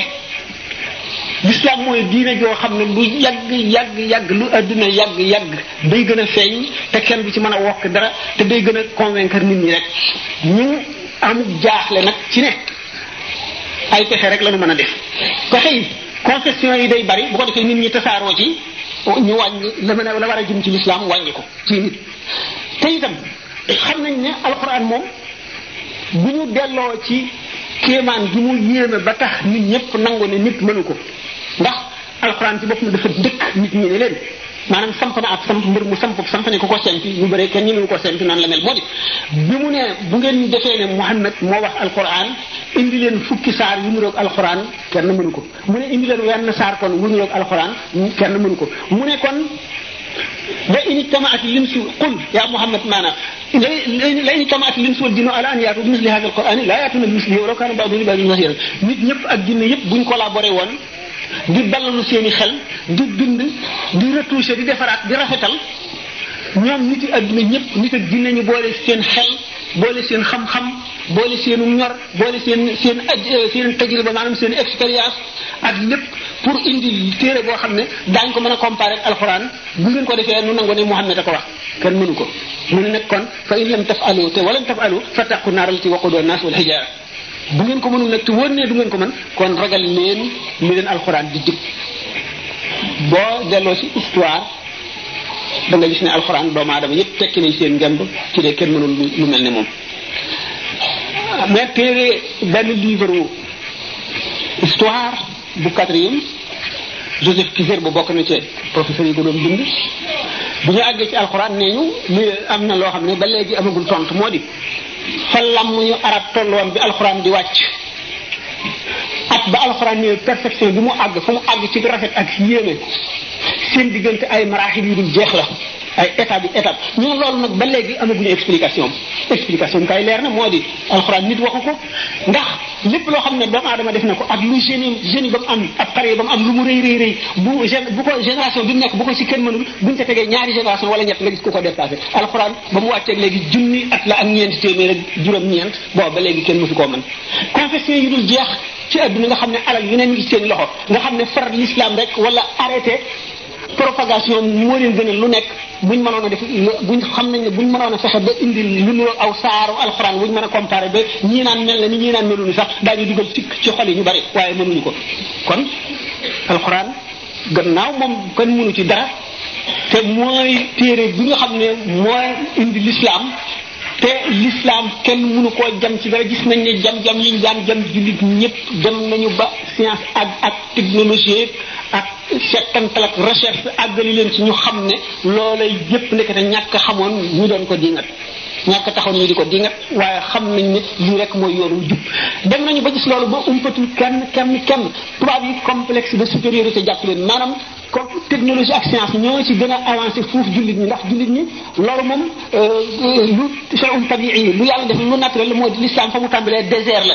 l'islam mooy diine joo xam ne lu yàgg yàgg yàgg lu adduna yàgg yàgg day gën a feeñ te kenn du ci mën a wokk dara te day gën a convaincre nit ñi rek ñu am jaaxle nag ci ne ay pexe rek la ñu mën a def pexe yi confession yi day bari bu ko defee nit ñi tasaaroo ci ñu wàññi la mën a war a jëm ci l'islam wàññi ko ci nit te itam xam nañ ne alxuraan moom bu ñu delloo ci kéemaan gi mu yéeme ba tax nit ñëpp nangu ne nit mënu ko ndax alxuraan ci boppam dafa dëkk nit ñi ne leen maanaam samp na ak samp mbir mu samp samp ne ku ko sempi ñu bëre kenn ñu ko sempi noonu la mel moo di bi mu ne bu ngeen defee ne Muhammad moo wax alquran indi leen fukki saar yu niroog alquran kenn mënu ko mu ne indi leen wenn saar kon wu niroog alquran kenn mënu ko mu ne kon la in ijtamaat linsu qul ya Muhammad maanaam la in ijtamaat linsu wal jinnu ala an yaatu bi misli hada alquran la yaatuna bi misli walaw kaana ba'duhum li ba'din zahiran nit ñëpp ak jinne yëpp buñ collaboré woon di dallalu seeni xel di bind di retoucher di defaraat di rafetal ñoom nit yi àdduna ñëpp nit ak jinne ñu boole seen xel boole seen xam-xam boole seenu ñor boole seen seen euh, seen tajriba maanaam seen expérience ak lépp pour indi téere boo xam ne daañ ko mën a comparer ak alxuraan bu ngeen ko defee nu nangu ne Muhammad ko wax kenn mënu ko mu ne nag kon fa in lam tafalu te walam tafalu fa naar naaral ci waqu doon naas wal xijaara bu ngeen ko mënul nekk te wóor ne du ngeen ko mën kon ragal leen li leen alxuraan di dig boo delloo ci histoire da nga gis ne alxuraan doomu aadama yëpp tekki nañ seen ngemb ci dee kenn mënul lu mel ni moom mais téere benn livre histoire bu quatrième Joseph Kizer bu bokk na ci professeur yi ko doon bind bu ñu àggee ci alxuraan nee ñu am na loo xam ne ba léegi amagul tontu moo di fa làmmuñu arab tolloon bi alxuraan di wàcc at ba alxuraan ñëw perfection bi mu àgg fu mu àgg ci rafet ak yéeme seen diggante ay maraaxil di dul jeex la ay étape yi étape ñun loolu nag ba léegi amaguñu explication explication bi kay leer na moo di alxuraan nit waxu ko ndax lépp loo xam ne doomu aadama def na ko ak lu génie génie ba mu am ab bu bu ko génération bi mu nekk bu ko si kenn mënul buñu tegee ñaari génération wala ñett nga gis ku ko dépassé alxuraan ba mu wàcceeg léegi junni at la ak ñeenti téeméer ak juróom-ñeent boobu ba léegi kenn mësu koo mën confession yi dul jeex ci adduna nga xam ne alal yeneen ngi seen loxo nga xam ne far l'islam rek wala arrété propagation moo leen gën a lu nekk buñ mënoon a def buñ xam nañ ne buñ mënoon a fexe ba indi lu ñu aw saaru alxuraan buñ mën a comparé ba ñii naan mel na ni ñii naan meluñu sax daañu dugal sikk ci xol yi ñu bari waaye mënuñu ko kon alxuraan gannaaw moom kenn mënu ci dara te mooy téere bi nga xam ne mooy indi lislaam te l'islam kenn mënu koo jam ci dara gis nañ ne jam-jam yiñ ñu daan jam jullit ñëpp dem nañu ba science ak ak technologie ak settantal ak recherche àggali leen ci ñu xam ne loolay yëpp nekk te ñàkk xamoon ñu doon ko dingat ñàkk taxoon ñu di ko dingat waaye xam nañ nit lii rek mooy yoonu jub dem nañu ba gis loolu ba umpatul kenn kenn kenn tubaab yi complexe de supériorité jàpp leen maanaam comme technologie ak science ñoo ci gën a avancé foofu jullit ñi ndax jullit ñi loolu moom euh, lu shay'un tabi'i lu yàlla def lu naturel mooy l'islam fa mu tàmbalee désert la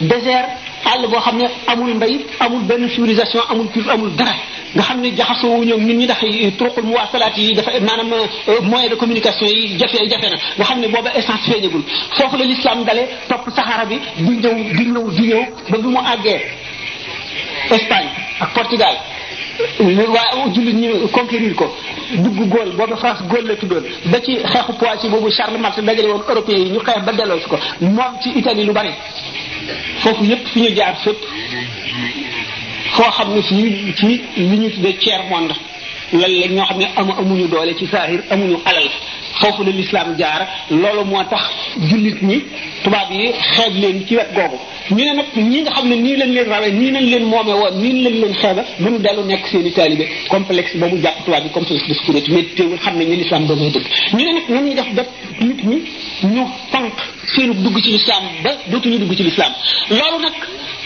désert àll boo xam ne amul mbay amul benn civilisation amul cuif amul dara nga xam ne jaxasoo ñoom ñun ñi ndax turuqul muwasalaat yi dafa maanaam euh, moyen de communication yi jafe jafe na nga xam ne booba essence feeñagul foofu la l'islam dale topp saxaara bi di ñëw di ñëw di ñëw ba bi mu àggee Espagne ak Portugal waaye jullit ñi conquérir ko dugg góol boobu France góol la tuddoon ba ci xeexu Poissy boobu Charles Martel dajale woon européen yi ñu xeex ba delloo si ko moom ci Italie lu bari foofu yépp fi ñu jaar fépp foo xam ne fii ci li ñu tuddee tiers monde lan la ñoo xam ne amu amuñu doole ci saahir amuñu alal foofu la lislaam jaar loolu moo tax jullit ñi tubaab yi xeeb leen ci wet googu ñu ne nag ñi nga xam ne nii lañ leen rawee nii lañ leen moome woon nii lañ leen xeeba mënu dellu nekk seen i taalibe complexe ba mu jàpp tubaab yi complexe de sécurité mais teewul xam ne ñu lislaam doomay dëgg ñu ne nag nañuy def ba nit ñi ñu tànk seenu dugg ci lislaam ba dootuñu dugg ci lislaam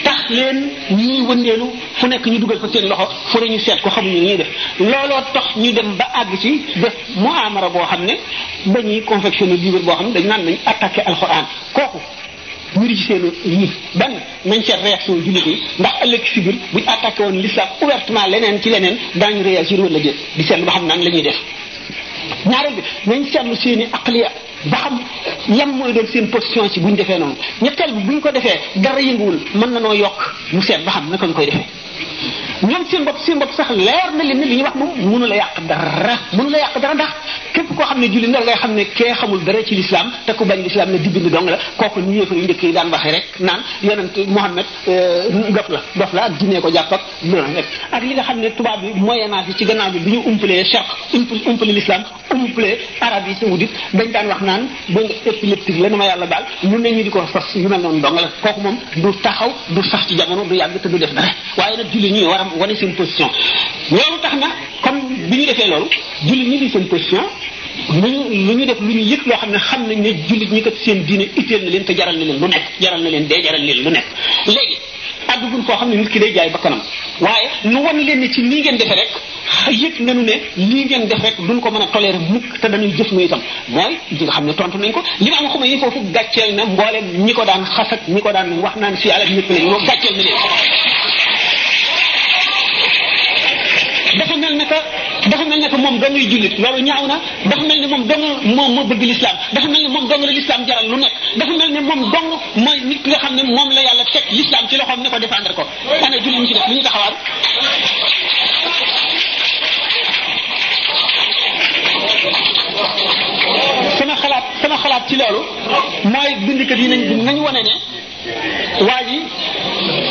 tax leen ñuy wëndeelu fu nekk ñu dugal fa seen loxo fu ñu seet ko xamuñu ñuy def looloo tox ñu dem ba àgg ci def muamara boo xam ne dañuy confectionné livre boo xam ne dañ naan nañ attaqué alxuraan kooku ñu ci seen lii ban nañ seet réaction jullit ndax ëllëg si biir buñ woon l'islam ouvertement leneen ci leneen daañu réagir di seetlu ba xam naan la ñuy def ñaareel bi nañ seen i aqliya ba xam lan mooy doon seen position ci buñ defee noonu ñetteel bi buñ ko defee dara yënguwul mën na noo yokk mu seet ba xam naka ñu koy defee ñoom seen bopp seen bopp sax leer na leen ne li ñuy wax moom mënu la yàq dara mënu la yàq dara ndax koo xam ne julli ndal ngay xam ne kee xamul dara ci lislaam te ku bañ lislaam ne dibbind dong la kooku ñu yéefar yu njëkk yi daan waxee rek naan yonent Muhammad euh, dof la dof la ak jinne ko jàpp ak loolu li nga xam ne tubaab bi moyen âge yi ci gannaaw bi bi ñu umpalee Charq umpale lislaam umpalee arab yi saoudite daan wax naan ba nga épileptique la na ma yàlla baal lu ne di ko fas yu mel noonu dong la kooku moom du taxaw du sax ci jamono du yàgg te du def dara waaye nag julli ñi war a wane seen position loolu tax ñu defee loolu julli ñi lu ñu def lu ñu yëg loo xam ne xam nañ ne jullit ñi ko seen diine itteel na leen te jaral na leen lu nekk jaral na leen dee jaral na leen lu nekk léegi àddugun foo xam ne nit ki day jaay bakkanam waaye nu wan leen ne ci nii ngeen defe rek yëg nañu ne lii ngeen def rek duñ ko mën a toléré mukk te dañuy jëf ñu itam mooy li nga xam ne tontu nañ ko li ma am xuma yi foofu gàcceel na mboolem ñi ko daan xas ak ñi ko daan wax naan si alal ñëpp lañ moom gàcceel na leen dafa mel ne que dafa mel ne que moom dongay jullit loolu ñaaw na dafa mel ne moom dong moom moo bëgg lislaam dafa mel ne moom dong la lislaam jaral lu nekk dafa mel ne moom dong mooy xam ne moom la yàlla teg lislaam ci loxoom ne ko défendre ko ana jullit ñi ci def lu ñu taxawaaru sama xalaat sama xalaat ci loolu mooy bindikat yi nañ nañ wane ne waa ji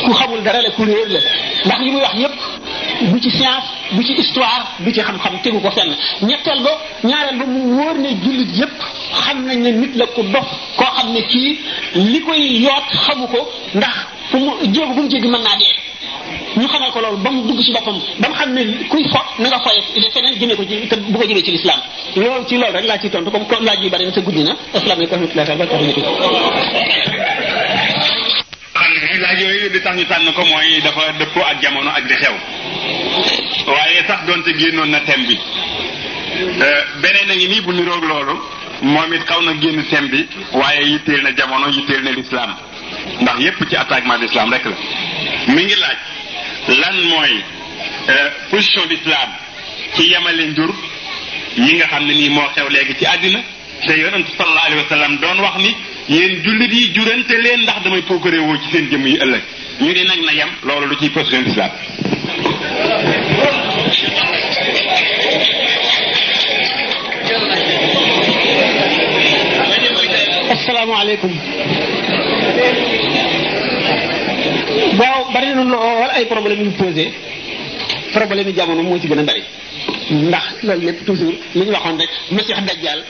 ku xamul dara la ku réer la ndax li muy wax yépp du ci bu ci histoire du ci xam-xam tegu ko fenn ñetteel ba ñaareel ba mu wóor ne jullit yépp xam nañ ne nit la ku dof koo xam ne kii li koy yoot xamu ko ndax fu mu jéego bu mu jéggi mën naa dee ñu xamal ko loolu dugg ci boppam ba mu xam ne kuy fo na nga foye feneen jëmee ko ci te bu ko jëmee ci lislaam loolu ci loolu rek laa ciy tontu comme laaj yu bari na te guddi na asalaamaaleykum wa rahmatulah wa barakatuh li tax ñu tànn ko mooy dafa dëppoo ak jamono ak di xew waaye tax donte génnoon na thème bi euh, beneen a ngi nii bu niroog loolu moom it xaw na génn thème bi waaye yitteel na jamono yitteel na lislaam ndax yépp ci attaquement lislaam rek la mi ngi laaj lan mooy euh, position lislaam ci yemale njur yi nga xam ne nii moo xew léegi ci àddina te yonent sallallahu alayhi doon wax ni yéen jullit yi jurante leen ndax damay pookare woo ci seen jëmm yi ëllëg ñu nag na yem loolu lu ciy position islam asalaamaaleykum waaw bari na lool ay problème yu posé problème yi jamono moo ci gën a bari ndax loolu lépp toujours li ñu waxoon rek Masiix Dajjal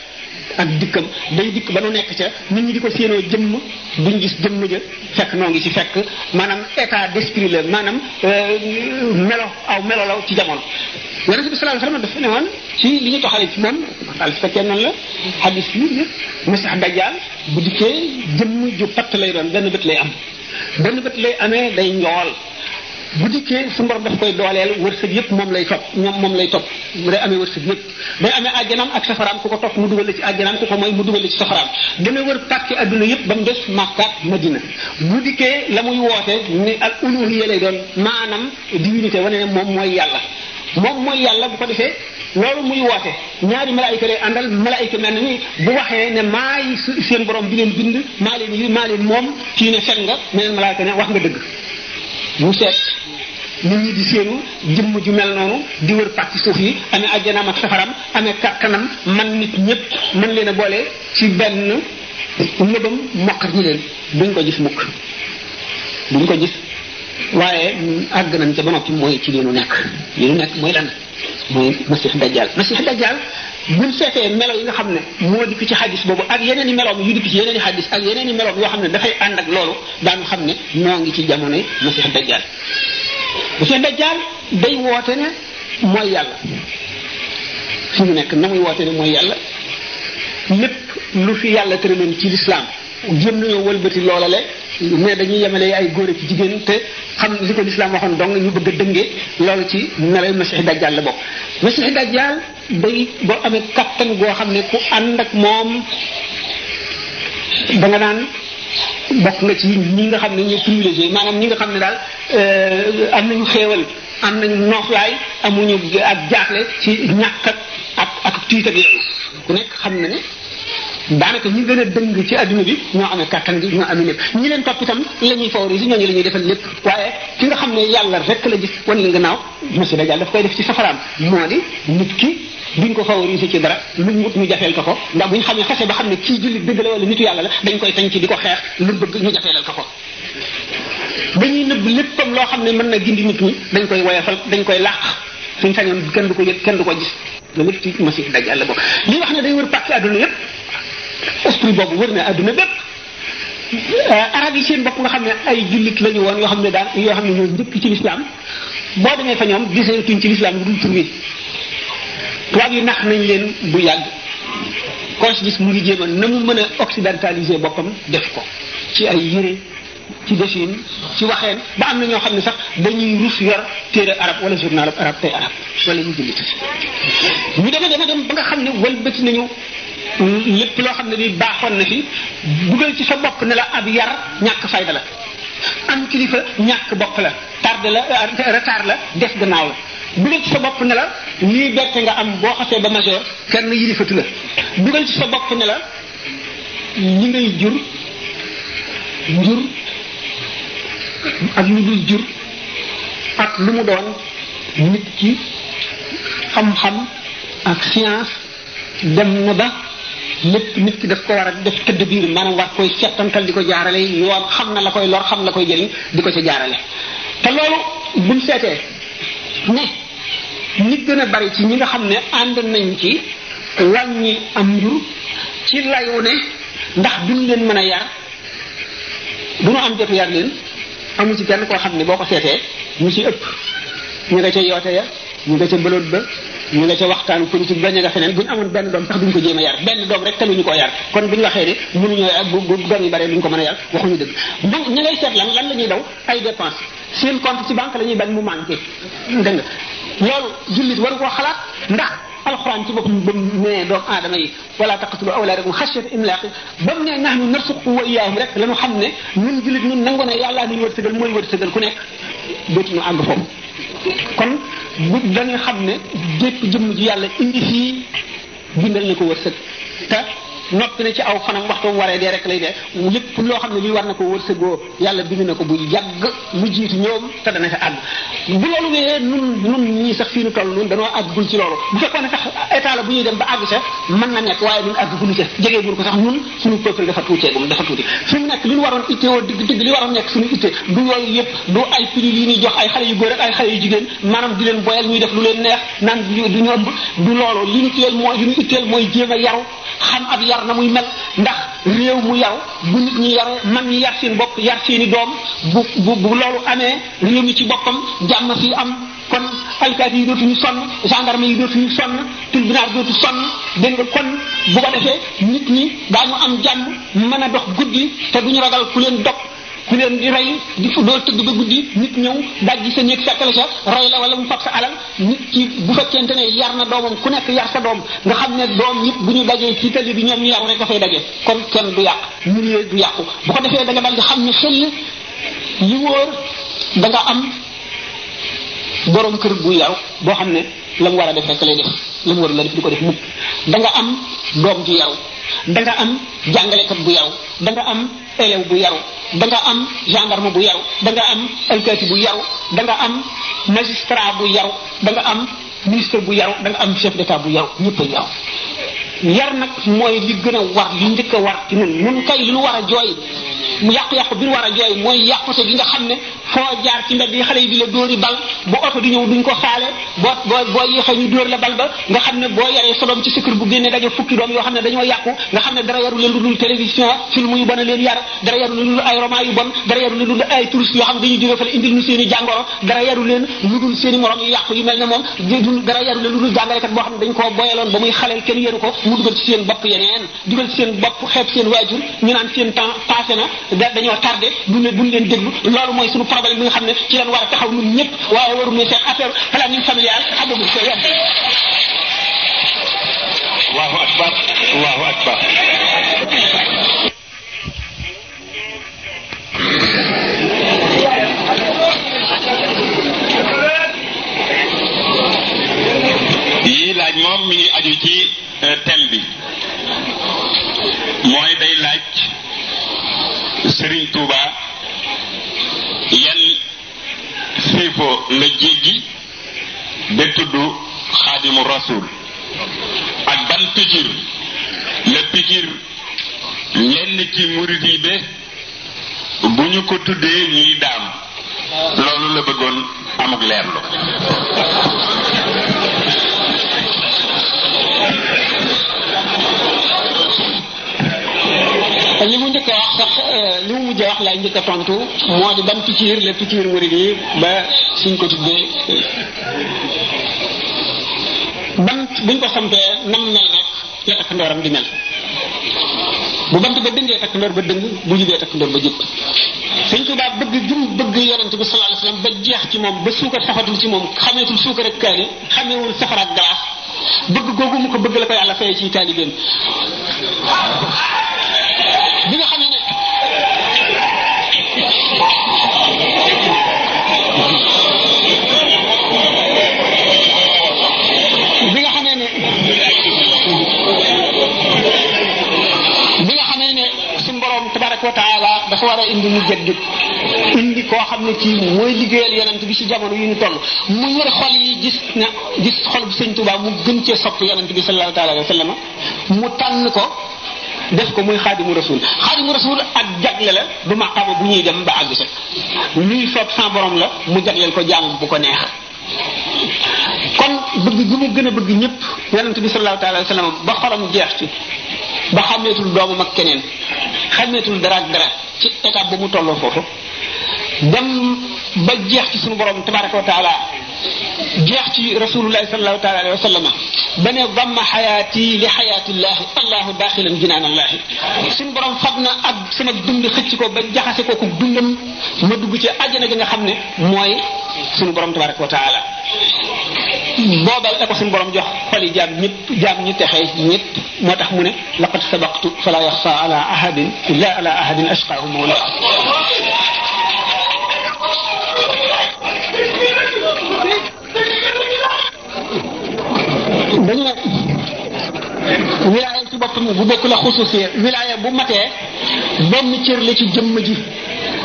ak dikkam day dikk ba nu nekk ca nit ñi di ko séenoo jëmm duñ gis jëmm ja fekk noo ngi ci fekk maanaam état d'esprit la maanaam euh, melo aw melo la ci jamono yonent bi sallallahu alayhi wasallam dafa ne woon ci li ñu toxale ci moom al fekkee noonu la hadis yi yëpp masiix dajjaal bu dikkee jëmm ju patt lay doon benn bët lay am benn bët lay amee day njool bu dikkee su mborom daf koy dooleel wërsëg yëpp moom lay topp ñoom moom lay topp day amee wërsëg yëpp day amee àjjanaam ak safaraam ku ko topp mu dugal la ci àjjanaam ku ko mooy mu dugal la ci safaraam dana wër pàkki adduna yëpp ba mu des Makka Madina bu dikkee la muy woote ni al uluhiyya lay doon maanaam divinité wane ne moom yàlla moom mooy yàlla bu ko defee loolu muy woote ñaari malaayika lay àndal malaayika mel ni bu waxee ne maay seen borom bi leen bind maa leen yi maa leen moom kii ne fen nga meneen malaayika ne wax nga dëgg mu seet nit ñi di séenu jëmm ju mel noonu di wër pàcc suuf yi amee ajjanaam ak safaram amee kàttanam man nit ñëpp mën leen boole ci benn nëbam moqat ñu leen duñ ko gis mukk duñ ko gis waaye àgg nañ ca ba noppi mooy ci li nekk li nekk mooy lan mooy masix dajjal masix dajjal bu buñ seetee melo yi nga xam ne moo dikk ci xadis boobu ak yeneen i meloom yu dikk ci yeneen i xadis ak yeneen i meloom yoo xam ne dafay ànd ak loolu daanu xam ne noo ngi ci jamonoy Masiix Dajjaal Masiix Dajjaal day woote ne mooy yàlla fi mu nekk na muy woote ne mooy yàlla lépp lu fi yàlla tëraloon ci lislaam jéem nañoo wëlbati loolale mais dañuy yemale ay góor ci jigéen te xam li ko lislaam waxoon dong ñu bëgg a dëngee loolu ci melay masiixi dajjaal la bokk masiixi dajjaal day boo amee kattan goo xam ne ku ànd ak moom da nga naan bokk nga ci ñi nga xam ne ñu privilégié maanaam ñi nga xam ne daal euh, am nañu xéewal am nañu nooflaay amuñu ak jaaxle ci ñàkk ak ak ak tiit ak yooyu ku nekk xam na ne daanaka ñi gën a dëng ci adduna bi ñoo amee kattan gi ñoo amee lépp ñi leen topp itam la ñuy favoriser ñooñu la ñuy defal lépp waaye ki nga xam ne yàlla rek la gis wan la gannaaw monsieur Dajal daf koy def ci safaraam moo di nit ki duñ ko favoriser ci dara luñ wut ñu jafeel ko ko ndax buñ xamee xase ba xam ne kii jullit dëgg la wala nitu yàlla la dañ koy tañ ci di ko xeex lu bëgg ñu jafeelal ko ko dañuy nëbb léppam loo xam ne mën na gindi nit ñi dañ koy woyofal dañ koy làq suñ sañoon kenn ko yëg kenn du ko gis loolu lépp ci Masiix Dajjal la bokk li wax ne day wër pàcc àdduna yëpp esprit boobu wër na àdduna bépp euh, arab yi seen bopp nga xam ne ay jullit lañu woon yoo xam ne daal yoo xam ne ñoo njëkk ci lislaam boo demee fa ñoom gisee tuñ ci lislaam bu dul tur wi tubaab yi nax nañ leen bu yàgg koo mu ngi jéema na mu mën a boppam def ko ci ay yére ci desin ci waxeen ba am na ñoo xam ne sax dañuy rus yor téere arab wala journal arab tey arab wala ñu jullit ñu deme deme dem ba nga xam ne walbati nañu lépp loo xam ne bi baaxoon na fi dugal ci sa bopp ne la ab yar ñàkk fayda la am kilifa ñàkk bopp la tardé la euh, retard la def gannaaw la dugal ci sa bopp ne la lii bette nga am boo xasee ba majeur kenn yilifatu la dugal ci sa bopp ne la ñi ngay jur jur ak lu dul jur lu mu doon nit ki xam-xam ak science dem na ba lépp nit ki daf ko war a def tëdd biir maanaam war koy settantal di ko jaarale yoon xam na la koy lor xam na koy jëriñ di ko ci jaarale te loolu buñ seetee ne nit gën a bari ci ñi nga xam ne ànd nañ ci wàññi am njur ci layu ne ndax duñ leen mën a yar du nu am jotu yar leen amu ci kenn koo xam ne boo ko seetee ñu ci ëpp ñu nga ca yoote ya ñu nga ca bëloot ba ñu nga ca waxtaan kuñ ci a nga feneen bu amoon benn doom sax duñ ko jéem a yar benn doom rek taluñu koo yar kon buñu waxee ne ko yar waxuñu dëgg ñu la ñuy daw bañ mu manqué dégg nga loolu jullit waru xalaat ndax alxuraan ci boppam ba mu nee doomu aadama yi wala taqtulu awlaadakum xashyata imlaaq ba mu nee nahnu narzuqukum wa iyyaahum rek la xam ne ñun jullit ñun nangu ne yàllaa nuy wërsëgal mooy wërsëgal ku nekk dootuñu àgg foofu bu dañu xam ne bépp jëmm ji yàlla indi fii bindal na ko wërsëg te noppi na ci aw fanam waxtu mu waree dee rek lay dee lépp loo xam ne lii war na ko wërsëgoo yàlla bind na ko bu yàgg mu jiitu ñoom te dana fa àgg sax fii nu toll nun danoo àggul ci loolu bu fekkoon ne sax état bu ñuy dem ba àgg sa mën na nekk waaye nun àggul ca jegee gun ko sax nun suñu peuple dafa tuuteegum dafa tuuti fi mu nekk li ñu waroon itteewoo digg digg li waroon nekk suñu itte du yooyu yëpp du ay prix yi ñuy jox ay xale yu góor ak ay xale yu jigéen maanaam di leen boyal lu leen neex naan du ñu ëmb du loolu li ñu mooy li ñu na muy mel ndax réew mu yaru bu nit ñi yaree mag ñi yar seen bopp yar seeni doom bu bu bu loolu amee réew mi ci boppam jàmm fi am kon alkaati yi dootuñu sonn gendarme yi dootuñu sonn tribunal dootu sonn dégg nga kon bu ko defee nit ñi daañu am jàmm mën a dox guddi te du ñu ragal ku leen dog ñu leen di rey doo tëgg ba guddi nit ñëw dajji sa néeg fekk la ca rey la wala mu fab sa alal nit ki bu fekkente ne yar na doomam ku nekk yar sa doom nga xam ne doom ñëpp bu ñu dajee ci tali bi ñoom ñu yaru rek dafay daje kon kenn bu yàq milieu du yàqu bu ko defee da nga dal di xam ne xel li wóor da nga am borom kër gu yaru boo xam ne la mu war a def rek lay la mu warul la def di ko def mukk da nga am doom ju yaru danga am jàngale jàngalekat bu yaru da nga am élève bu yaru da nga am gendarme bu yaru da nga am alkaati bu yaru da nga am magistrat bu yaru da am ministre bu yaru da am chef d'état bu yaru ñëpp a yaru yar nag mooy li gën a war li njëkk a war ci ne ñun kay li ñu war a jooy yàqu-yàqu bi ñu war a jooy mooy yàqute gi nga xam ne foo jaar ci mbedd yi xale yi di la dóori bal bu oto di ñëw duñ ko xaale boo boo boo ñu dóor la bal ba nga xam ne boo yaree sa ci sikkir bu génne daje fukki doom yoo xam ne dañoo yàqu nga mel ne moom dara yaru leen lu dul jàngalekat boo xam ne dañ koo boyaloon ba muy xaleel kenn yaru ko mu dugal ci seen bopp yeneen dugal ci seen bopp xeeb seen waajur ñu naan seen temps na dañoo tardé duñ leen duñ leen déglu loolu mooy suñu problème bi nga xam ne ci leen war a taxaw ñun ñëpp waaye waru ñu seet affaire planning familial xabagu ko yem allahu akbar allahu akbar yii laaj moom mi ngi aju ci euh, thème bi mooy day laaj Serigne Touba yan siifo la jéggi ba tudd xaadimu rasul ak ban pikir la pikir lenn ci murit bu ñu ko tuddee ñuy daanu loolu la bëggoon amuk leerlu te li mu njëkk a wax sax euh, li mu mujj a wax laay njëkk a tontu moo di ban picciir la picciir murid yi ba suñ ko tuddee euh, ko sampee nam mel nag di mel bu bant ba dëngee takk ndoor ba dëng bu jubee takk ndoor ba jub sëñ Tuubaa bëgg jum bëgg yonent bi ci suukar saxatul ci xameetul suukar ak kaani xameewul safaraat ak galaas bëgg googu mu ko bëgg la ko yàlla fay ci taalibeem tabaraka wa taala dafa war a indi mu jëddit indi koo xam ne kii mooy liggéeyal yonent bi ci jamono yu ñu toll mu yër xol yi gis na gis xol bu sëñ Tuubaa mu gën cee sopp yonent bi sallallahu taala alayhi wa sallam mu tànn ko def ko muy xaadimu rasul xaadimu rasul ak jagle la du maqama bu ñuy dem ba àgg sa luy soob sans borom la mu jagleel ko jàmm bu ko neex kon bëgg gi mu gën a bëgg ñëpp yonent bi sallallahu taala alayhi wa sallam ba xolam jeex ci ba xàmmeetul doomam ak keneen xàmmeetul dara dara ci étape ba mu tolloo foofu dem ba jeex ci suñu borom tabaraka wa taala jeex ci rasulullahi salallahu taala alayhi wa sallama ba ne damma xayaati li xayaatillahi allahu daaxilan jinaan allahi suñu borom fab na ak sama dund xëcc ko ba jaxase kooku dundam ma dugg ci àjjana gi nga xam ne mooy suñu borom tabaraka wa taala boobal la ko suñu borom jox xoli jaam ñëpp jaam ñu moo tax mu ne laqad sabaqtu fala yaxsa ala ahadin la ala ahadin ashqahu mawla dañu ne wilaaya ci bu bokk la xususiya wilaaya bu matee benn cër la ci jëmm ji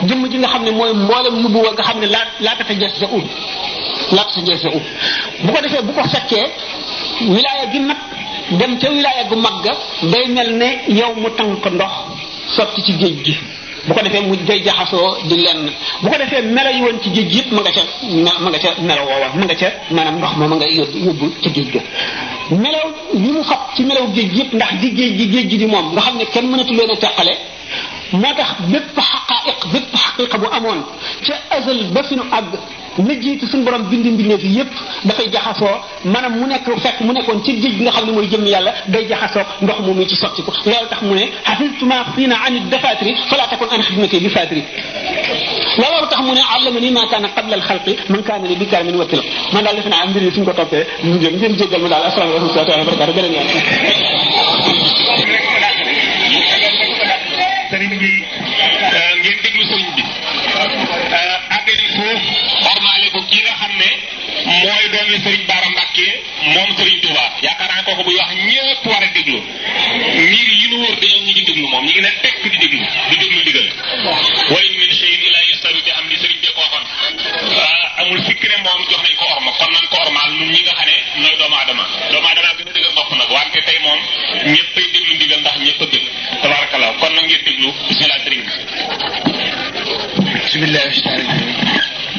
jëmm nga xam ne mooy mboolem nubuwa nga xam ne laa laata sa jees bu ko defee bu ko fekkee wilaaya gi nag dem ca wilaaya gu mag ga day mel ne yow mu tànk ndox sotti ci géej gi bu ko defee mu day jaxasoo di lenn bu ko defee melo yi woon ci géej gi yëpp ma nga ca ma nga ca melo woowa ma nga ca maanaam ndox ma ma nga yóbbu yóbbu ci géej ga melaw yi mu fab ci melaw géej gi yëpp ndax di géej gi géej gi di moom nga xam ne kenn mënatu leen a teqale moo tax bépp xaqaa'iq bépp xaqiqa bu amoon ca azal ba fi nu àgg la jiitu suñu borom bindi mbindeef yi yépp dafay jaxasoo maanaam mu nekk fekk mu nekkoon ci géej gi nga xam ne mooy jëm yàlla day jaxasoo ndox moom mi ci sotti ko loolu tax mu ne hafiztuma fiina ani dafatiri fala takun an xidmati li fatiri loolu tax mu ne allamani ma kaana qabla al xalqi man kaana li bi karamin watil man daal def naa mbir yi suñ ko toppee ñu jëm ngeen jéggal ma daal asalaamaaleykum wa rahmatulah wa barakatu beneen yoon sëriñ bi euh, ngeen déglu sëriñ bi àggali euh, foofu ormaale ko kii nga xam ne mooy doomi sëriñ Baara Mbàkke moom sëriñ Touba yaakaar naa kooku buy wax ñëpp war a déglu miir yi nu wër dañoo ñu ngi déglu moom ñu ngi leen tekk di déglu di déglu digal bi am li sëriñ ko waxoon ah, amul sikk ne moom kon nañ ko ormaal nun ñi nga xam adama doomu adama gën a dëgër bopp tey moom ñëpp ay déglu ndigal ndax ñëpp a kon nag ngeen déglu bismillah sëriñ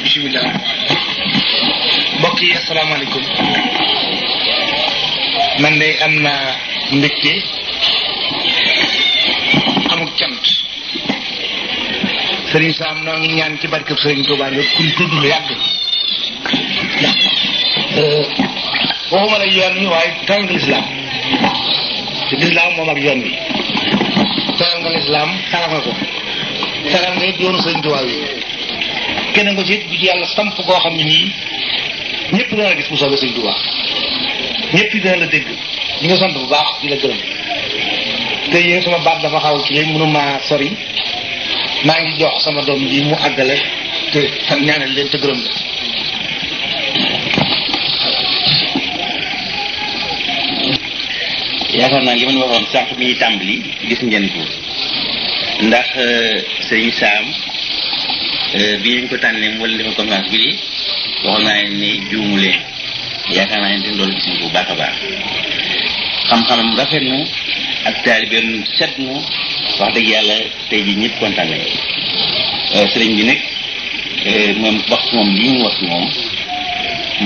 bi bismillah am naa mbégte sëriñ Saam noo ñaan ci barkeb sëriñ Tuubaa nga kuñ tuddul yàgg waxuma la yoon wi waaye teral lislaam moom ak yoon wi teral nga lislaam taral nga ko teral nga it sëriñ Tuubaa yi kenn nga ci it samp koo xam ne nii ñëpp dana la gis bu soobee sëriñ Tuubaa la dégg ñu nga bu baax di la gërëm te yéen sama baat dafa xaw ci léegi mënu sori maa ngi jox sama doom ji mu àggale te ñaanal leen te gërëm la naa li ma waxoon sànq bi ñu tàmbali gis ngeen ko ndax euh, sëriñ saam euh, bi ñu ko tànnee mu wala defal conférence bi waxoon naa leen ni juumu leen yaakaar naa ne loolu gis bu baax a baax xam-xamam rafet na ak taalibeem set na wax dëgg yàlla tey ji ñëpp kontaan nañu euh, sëriñ bi nag euh, moom wax moom li mu wax moom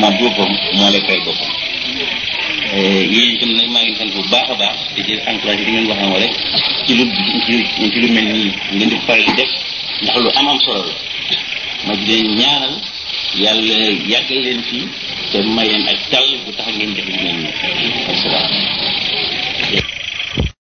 moom boppam moo koy fay boppam euh, yéen itam nag maa ngi sant bu baax a baax te di encouragé di ngeen wax na rek ci lu ci lu mel nii ngeen di faral di def ndax lu am am solo la ma di ñaaral yàlla yàggal leen fii te may leen ak tal bu tax ngeen def lu mel nii asalaam